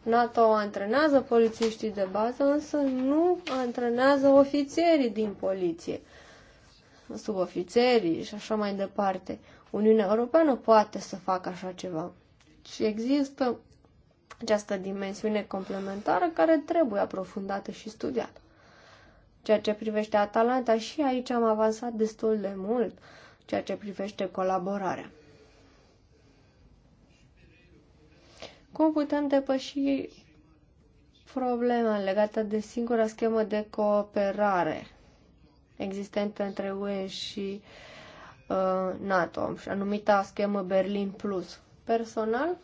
NATO antrenează polițiștii de bază, însă nu antrenează ofițerii din poliție, subofițerii și așa mai departe. Uniunea Europeană poate să facă așa ceva. Și există această dimensiune complementară care trebuie aprofundată și studiată. Ceea ce privește Atalanta și aici am avansat destul de mult, ceea ce privește colaborarea. Cum putem depăși problema legată de singura schemă de cooperare existentă între UE și uh, NATO, și anumita schemă Berlin Plus? Personal,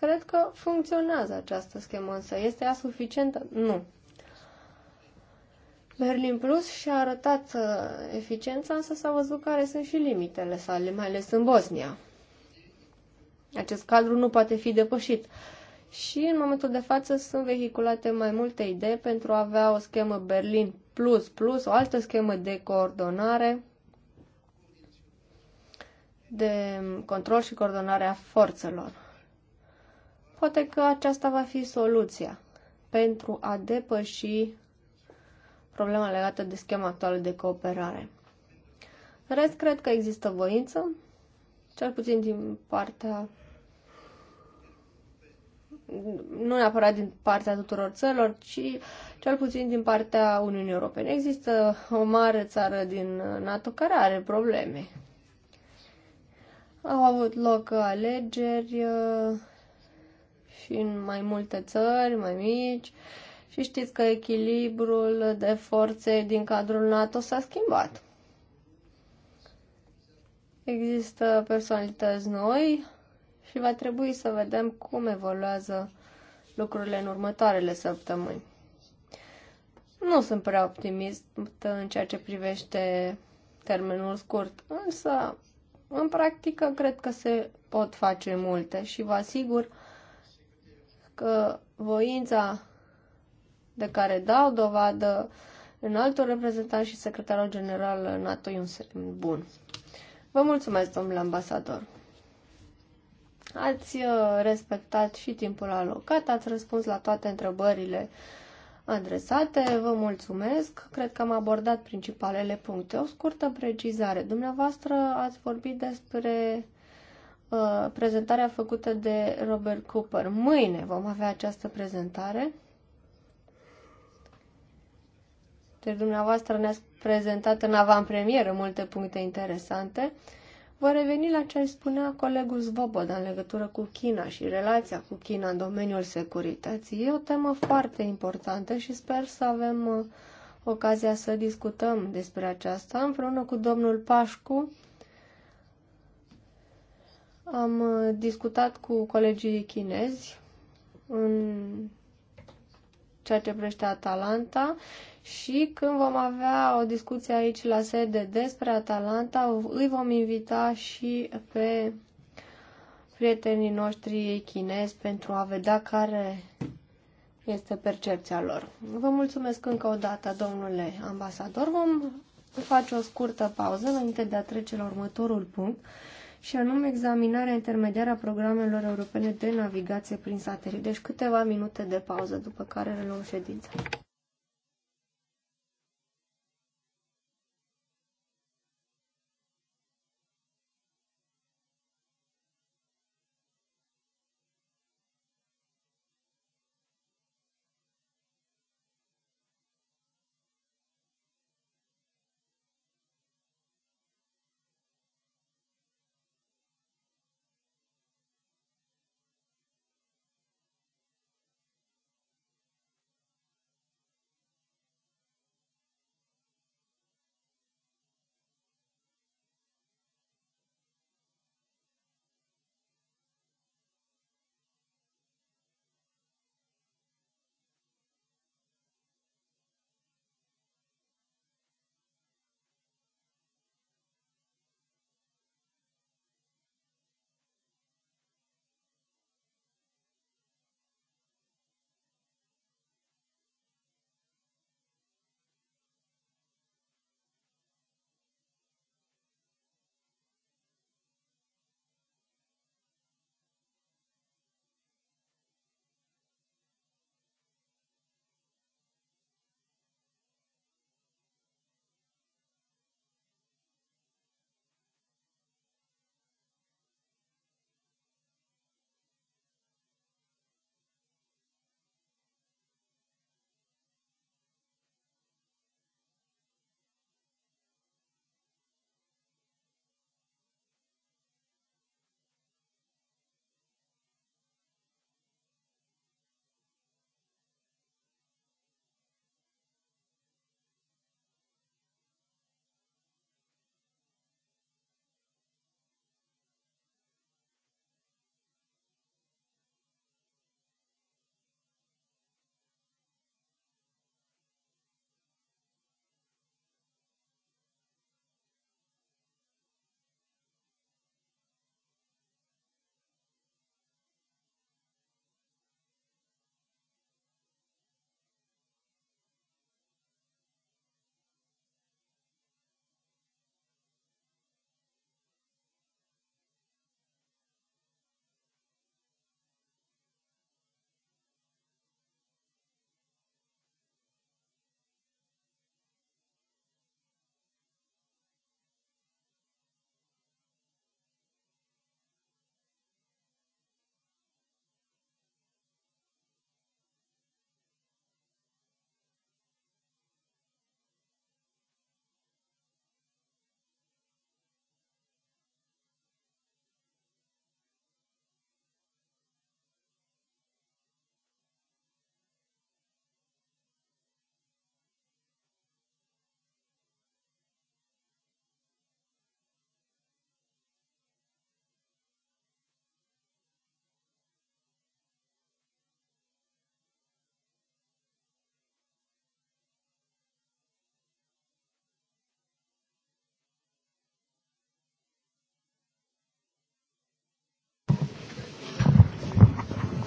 cred că funcționează această schemă, însă este ea suficientă? Nu. Berlin Plus și-a arătat uh, eficiența, însă s-a văzut care sunt și limitele sale, mai ales în Bosnia. Acest cadru nu poate fi depășit. Și în momentul de față sunt vehiculate mai multe idei pentru a avea o schemă Berlin plus plus, o altă schemă de coordonare, de control și coordonare a forțelor. Poate că aceasta va fi soluția pentru a depăși problema legată de schema actuală de cooperare. În rest, cred că există voință, cel puțin din partea nu neapărat din partea tuturor țărilor, ci cel puțin din partea Uniunii Europene. Există o mare țară din NATO care are probleme. Au avut loc alegeri uh, și în mai multe țări, mai mici, și știți că echilibrul de forțe din cadrul NATO s-a schimbat. Există personalități noi, și va trebui să vedem cum evoluează lucrurile în următoarele săptămâni. Nu sunt prea optimist în ceea ce privește termenul scurt, însă în practică cred că se pot face multe și vă asigur că voința de care dau dovadă în altul reprezentant și secretarul general NATO e un semn bun. Vă mulțumesc, domnule ambasador. Ați uh, respectat și timpul alocat, ați răspuns la toate întrebările adresate. Vă mulțumesc. Cred că am abordat principalele puncte. O scurtă precizare. Dumneavoastră ați vorbit despre uh, prezentarea făcută de Robert Cooper. Mâine vom avea această prezentare. Deci dumneavoastră ne-ați prezentat în avantpremieră multe puncte interesante. Uh, Vă reveni la ce spunea colegul Zvoboda în legătură cu China și relația cu China în domeniul securității. E o temă foarte importantă și sper să avem uh, ocazia să discutăm despre aceasta împreună cu domnul Pașcu. Am uh, discutat cu colegii chinezi în ceea ce prește Atalanta și când vom avea o discuție aici la sede despre Atalanta, îi vom invita și pe prietenii noștri chinezi pentru a vedea care este percepția lor. Vă mulțumesc încă o dată, domnule ambasador. Vom face o scurtă pauză înainte de a trece la următorul punct și anume examinarea intermediară a programelor europene de navigație prin satelit. Deci câteva minute de pauză, după care reluăm ședința.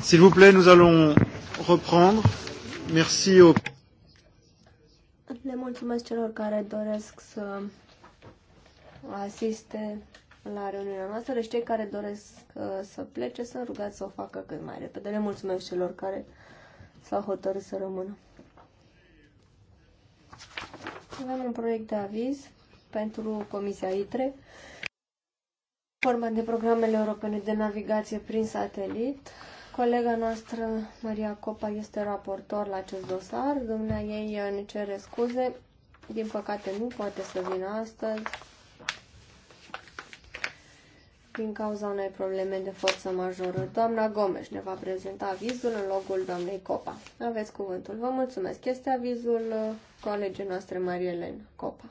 S'il vous plaît, nous allons reprendre. Merci au... Le mulțumesc celor care doresc să asiste la reuniunea noastră, și deci cei care doresc uh, să plece sunt rugați să o facă cât mai repede. Le mulțumesc celor care s-au hotărât să rămână. Avem un proiect de aviz pentru Comisia ITRE, Forma de programele europene de navigație prin satelit. Colega noastră, Maria Copa, este raportor la acest dosar. Dumnea ei uh, ne cere scuze. Din păcate nu poate să vină astăzi din cauza unei probleme de forță majoră. Doamna Gomes ne va prezenta avizul în locul doamnei Copa. Aveți cuvântul. Vă mulțumesc. Este avizul uh, colegii noastre Maria Elena Copa.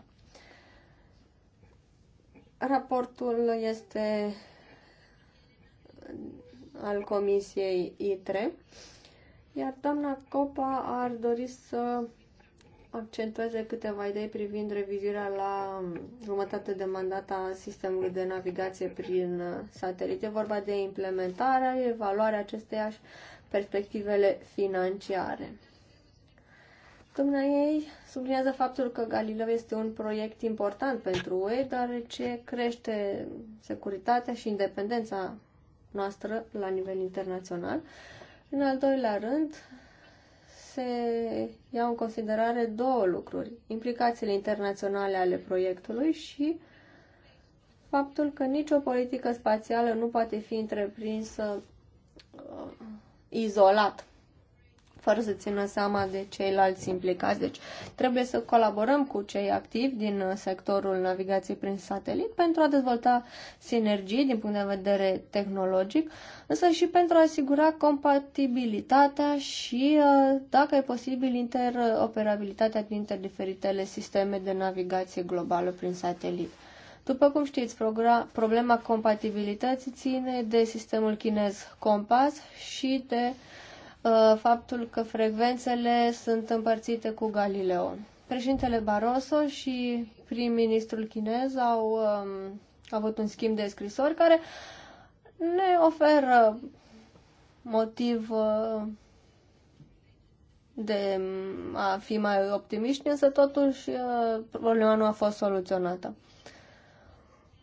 Raportul este al Comisiei ITRE, iar doamna Copa ar dori să accentueze câteva idei privind revizuirea la jumătate de mandat a sistemului de navigație prin satelit. E vorba de implementarea, evaluarea acesteia și perspectivele financiare. Domnul ei sublinează faptul că Galileo este un proiect important pentru UE, deoarece crește securitatea și independența noastră la nivel internațional. În al doilea rând, se iau în considerare două lucruri. Implicațiile internaționale ale proiectului și faptul că nicio politică spațială nu poate fi întreprinsă uh, izolat fără să țină seama de ceilalți implicați. Deci trebuie să colaborăm cu cei activi din uh, sectorul navigației prin satelit pentru a dezvolta sinergii din punct de vedere tehnologic, însă și pentru a asigura compatibilitatea și, uh, dacă e posibil, interoperabilitatea dintre diferitele sisteme de navigație globală prin satelit. După cum știți, problema compatibilității ține de sistemul chinez Compass și de Uh, faptul că frecvențele sunt împărțite cu Galileo. Președintele Barroso și prim-ministrul chinez au um, avut un schimb de scrisori care ne oferă motiv uh, de mm, a fi mai optimiști, însă totuși uh, problema nu a fost soluționată.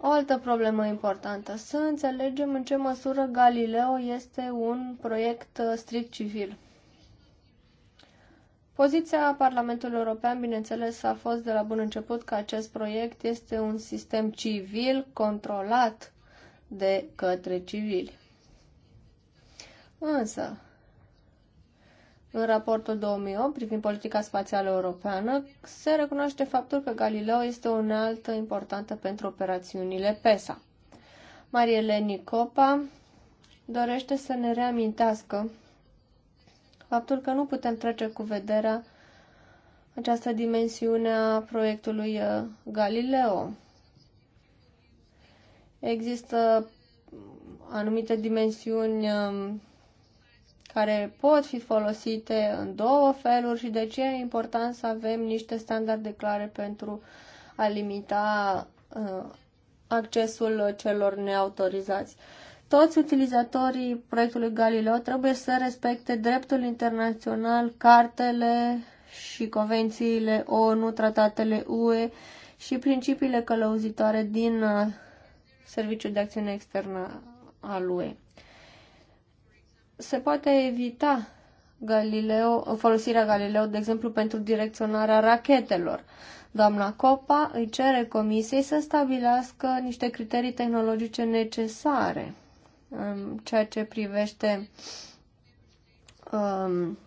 O altă problemă importantă, să înțelegem în ce măsură Galileo este un proiect uh, strict civil. Poziția Parlamentului European, bineînțeles, a fost de la bun început că acest proiect este un sistem civil controlat de către civili. Însă, în raportul 2008 privind politica spațială europeană se recunoaște faptul că Galileo este o unealtă importantă pentru operațiunile PESA. Marieleni Copa dorește să ne reamintească faptul că nu putem trece cu vederea această dimensiune a proiectului uh, Galileo. Există anumite dimensiuni um, care pot fi folosite în două feluri și de ce e important să avem niște standarde clare pentru a limita uh, accesul celor neautorizați. Toți utilizatorii proiectului Galileo trebuie să respecte dreptul internațional, cartele și convențiile ONU, tratatele UE și principiile călăuzitoare din uh, Serviciul de Acțiune Externă al UE se poate evita Galileo, folosirea Galileo, de exemplu, pentru direcționarea rachetelor. Doamna Copa îi cere comisiei să stabilească niște criterii tehnologice necesare în ceea ce privește um,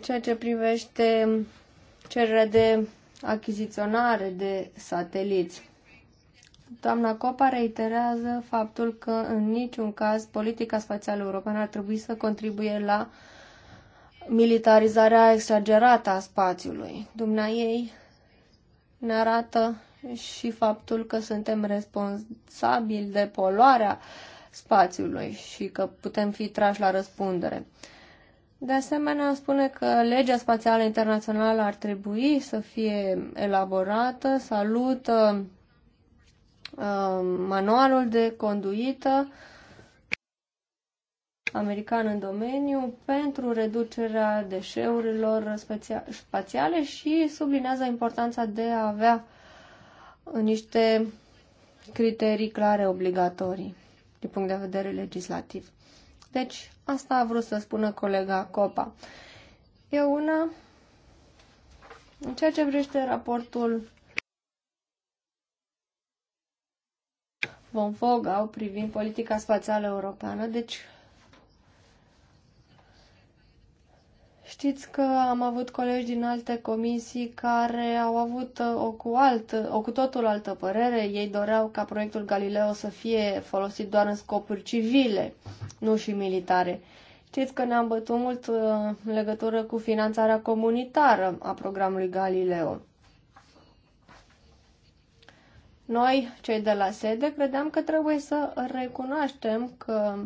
ceea ce privește cererea de achiziționare de sateliți. Doamna Copa reiterează faptul că în niciun caz politica spațială europeană ar trebui să contribuie la militarizarea exagerată a spațiului. Dumna ei ne arată și faptul că suntem responsabili de poluarea spațiului și că putem fi trași la răspundere. De asemenea, spune că legea spațială internațională ar trebui să fie elaborată, salută Uh, manualul de conduită american în domeniu pentru reducerea deșeurilor spațiale și sublinează importanța de a avea niște criterii clare obligatorii din punct de vedere legislativ. Deci, asta a vrut să spună colega Copa. Eu una, în ceea ce vrește raportul von Vogau privind politica spațială europeană. Deci, știți că am avut colegi din alte comisii care au avut uh, o cu, altă, o cu totul altă părere. Ei doreau ca proiectul Galileo să fie folosit doar în scopuri civile, nu și militare. Știți că ne-am bătut mult uh, în legătură cu finanțarea comunitară a programului Galileo. Noi, cei de la sede, credeam că trebuie să recunoaștem că,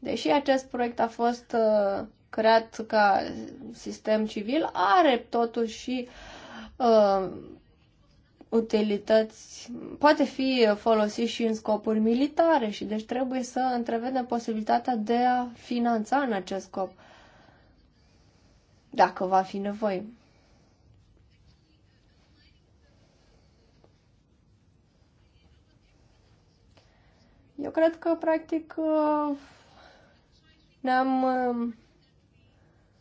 deși acest proiect a fost uh, creat ca sistem civil, are totuși și uh, utilități, poate fi folosit și în scopuri militare și deci trebuie să întrevedem posibilitatea de a finanța în acest scop, dacă va fi nevoie. Eu cred că, practic, uh, ne-am um,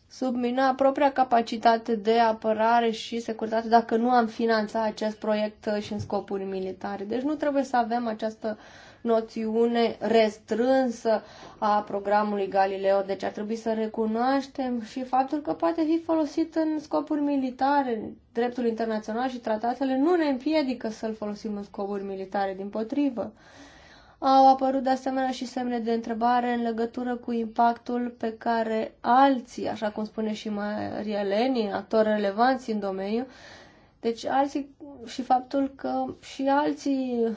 submina propria capacitate de apărare și securitate dacă nu am finanțat acest proiect uh, și în scopuri militare. Deci nu trebuie să avem această noțiune restrânsă a programului Galileo. Deci ar trebui să recunoaștem și faptul că poate fi folosit în scopuri militare. Dreptul internațional și tratatele nu ne împiedică să-l folosim în scopuri militare, din potrivă. Au apărut de asemenea și semne de întrebare în legătură cu impactul pe care alții, așa cum spune și Maria Leni, actori relevanți în domeniu, deci alții și faptul că și alții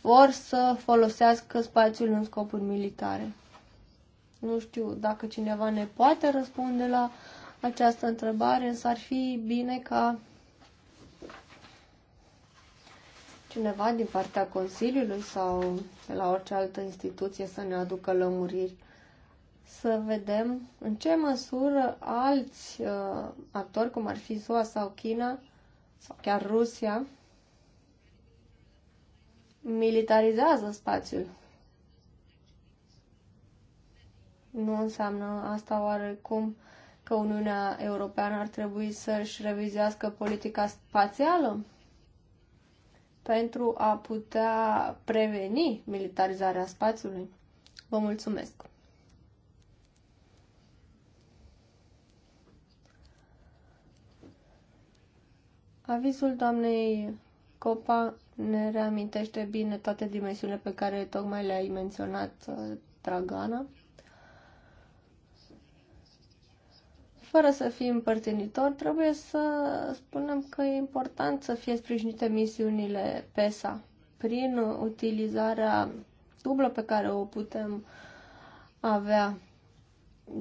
vor să folosească spațiul în scopuri militare. Nu știu dacă cineva ne poate răspunde la această întrebare, însă ar fi bine ca cineva din partea Consiliului sau de la orice altă instituție să ne aducă lămuriri. Să vedem în ce măsură alți uh, actori, cum ar fi SUA sau China sau chiar Rusia, militarizează spațiul. Nu înseamnă asta oarecum că Uniunea Europeană ar trebui să-și revizuiască politica spațială pentru a putea preveni militarizarea spațiului? Vă mulțumesc! Avizul doamnei Copa ne reamintește bine toate dimensiunile pe care tocmai le-ai menționat, Dragana. fără să fim împărtinitor, trebuie să spunem că e important să fie sprijinite misiunile PESA prin utilizarea dublă pe care o putem avea.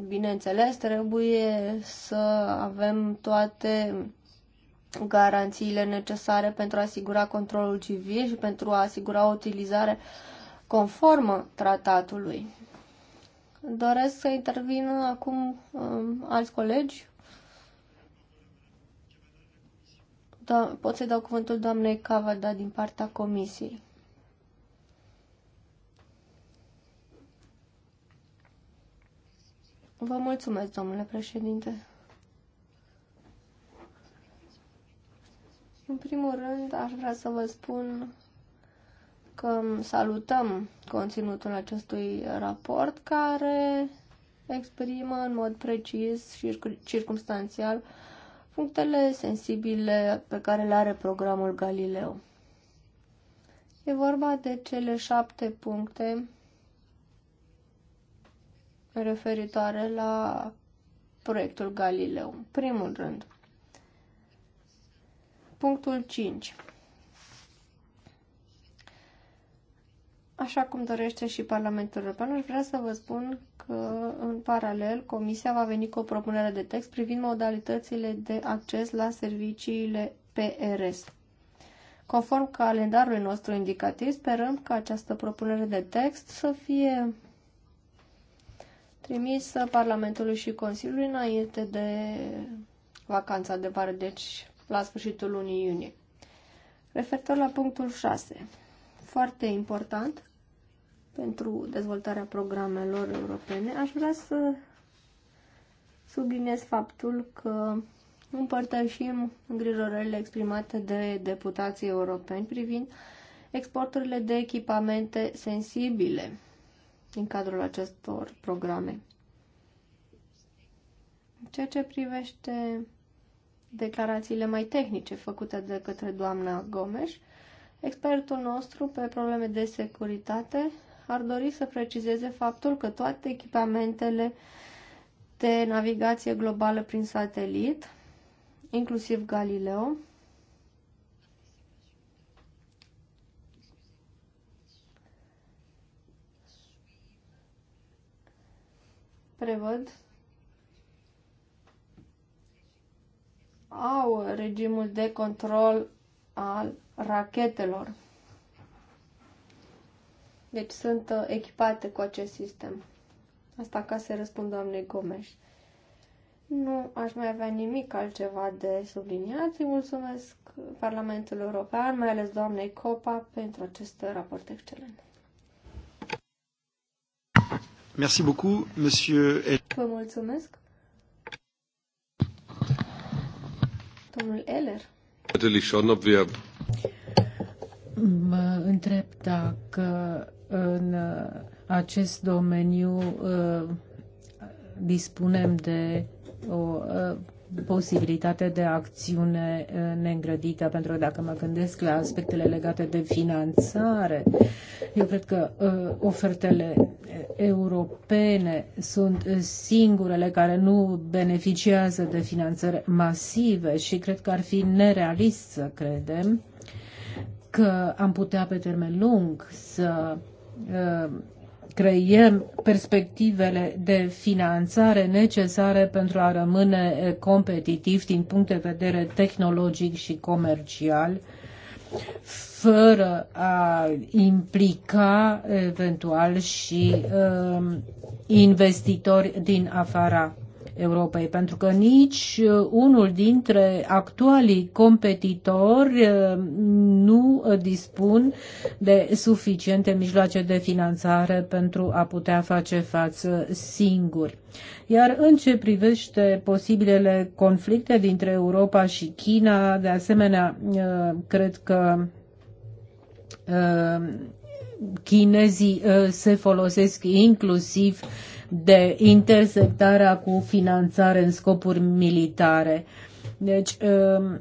Bineînțeles, trebuie să avem toate garanțiile necesare pentru a asigura controlul civil și pentru a asigura o utilizare conformă tratatului. Doresc să intervină acum um, alți colegi. Do- da, pot să dau cuvântul doamnei Cavada din partea comisiei. Vă mulțumesc, domnule președinte. În primul rând, aș vrea să vă spun că salutăm conținutul acestui raport care exprimă în mod precis și circumstanțial punctele sensibile pe care le are programul Galileo. E vorba de cele șapte puncte referitoare la proiectul Galileo. Primul rând, punctul 5. Așa cum dorește și Parlamentul European, aș vrea să vă spun că, în paralel, Comisia va veni cu o propunere de text privind modalitățile de acces la serviciile PRS. Conform calendarului nostru indicativ, sperăm că această propunere de text să fie trimisă Parlamentului și Consiliului înainte de vacanța de vară, deci la sfârșitul lunii iunie. Referitor la punctul 6, foarte important, pentru dezvoltarea programelor europene, aș vrea să subliniez faptul că împărtășim îngrijorările exprimate de deputații europeni privind exporturile de echipamente sensibile din cadrul acestor programe. Ceea ce privește declarațiile mai tehnice făcute de către doamna Gomes, expertul nostru pe probleme de securitate ar dori să precizeze faptul că toate echipamentele de navigație globală prin satelit, inclusiv Galileo, prevăd au regimul de control al rachetelor. Deci sunt uh, echipate cu acest sistem. Asta ca să răspund doamnei Gomes. Nu aș mai avea nimic altceva de subliniat. Îi mulțumesc Parlamentul European, mai ales doamnei Copa, pentru acest raport excelent. Merci beaucoup, monsieur. Vă mulțumesc. Domnul Eller. Mă întreb dacă în uh, acest domeniu uh, dispunem de o uh, posibilitate de acțiune neîngrădită, pentru că dacă mă gândesc la aspectele legate de finanțare, eu cred că ofertele europene sunt singurele care nu beneficiază de finanțări masive și cred că ar fi nerealist să credem că am putea pe termen lung să Uh, creiem perspectivele de finanțare necesare pentru a rămâne eh, competitiv din punct de vedere tehnologic și comercial, fără a implica eventual și eh, investitori din afara Europei, pentru că nici uh, unul dintre actualii competitori uh, nu uh, dispun de suficiente mijloace de finanțare pentru a putea face față singuri. Iar în ce privește posibilele conflicte dintre Europa și China, de asemenea, cred că chinezii se folosesc inclusiv uh, de intersectarea cu finanțare în scopuri militare. Deci, um,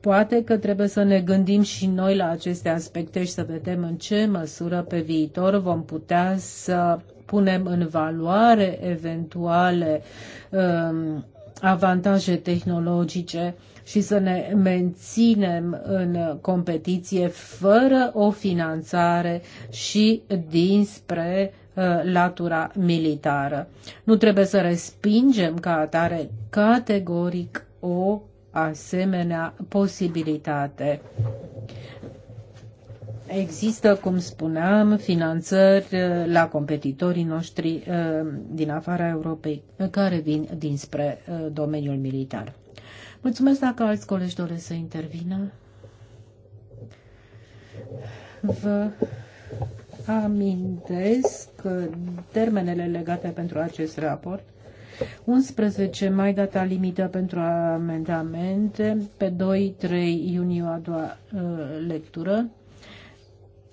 poate că trebuie să ne gândim și noi la aceste aspecte și să vedem în ce măsură pe viitor vom putea să punem în valoare eventuale um, avantaje tehnologice și să ne menținem în competiție fără o finanțare și dinspre Uh, latura militară. Nu trebuie să respingem ca atare categoric o asemenea posibilitate. Există, cum spuneam, finanțări uh, la competitorii noștri uh, din afara Europei care vin dinspre domeniul militar. Mulțumesc dacă alți colegi doresc să intervină. Vă amintesc termenele legate pentru acest raport. 11 mai data limită pentru amendamente, pe 2-3 iunie a doua uh, lectură.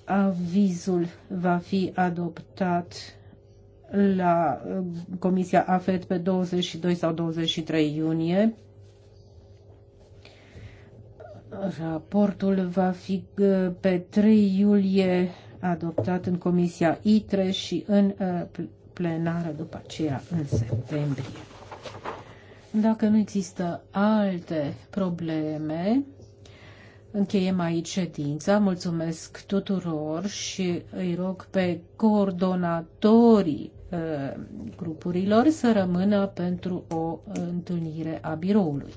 Avizul va fi adoptat la uh, Comisia AFET pe 22 sau 23 iunie. Raportul va fi uh, pe 3 iulie adoptat în Comisia ITRE și în uh, plenară după aceea în septembrie. Dacă nu există alte probleme, Încheiem aici ședința. Mulțumesc tuturor și îi rog pe coordonatorii uh, grupurilor să rămână pentru o întâlnire a biroului.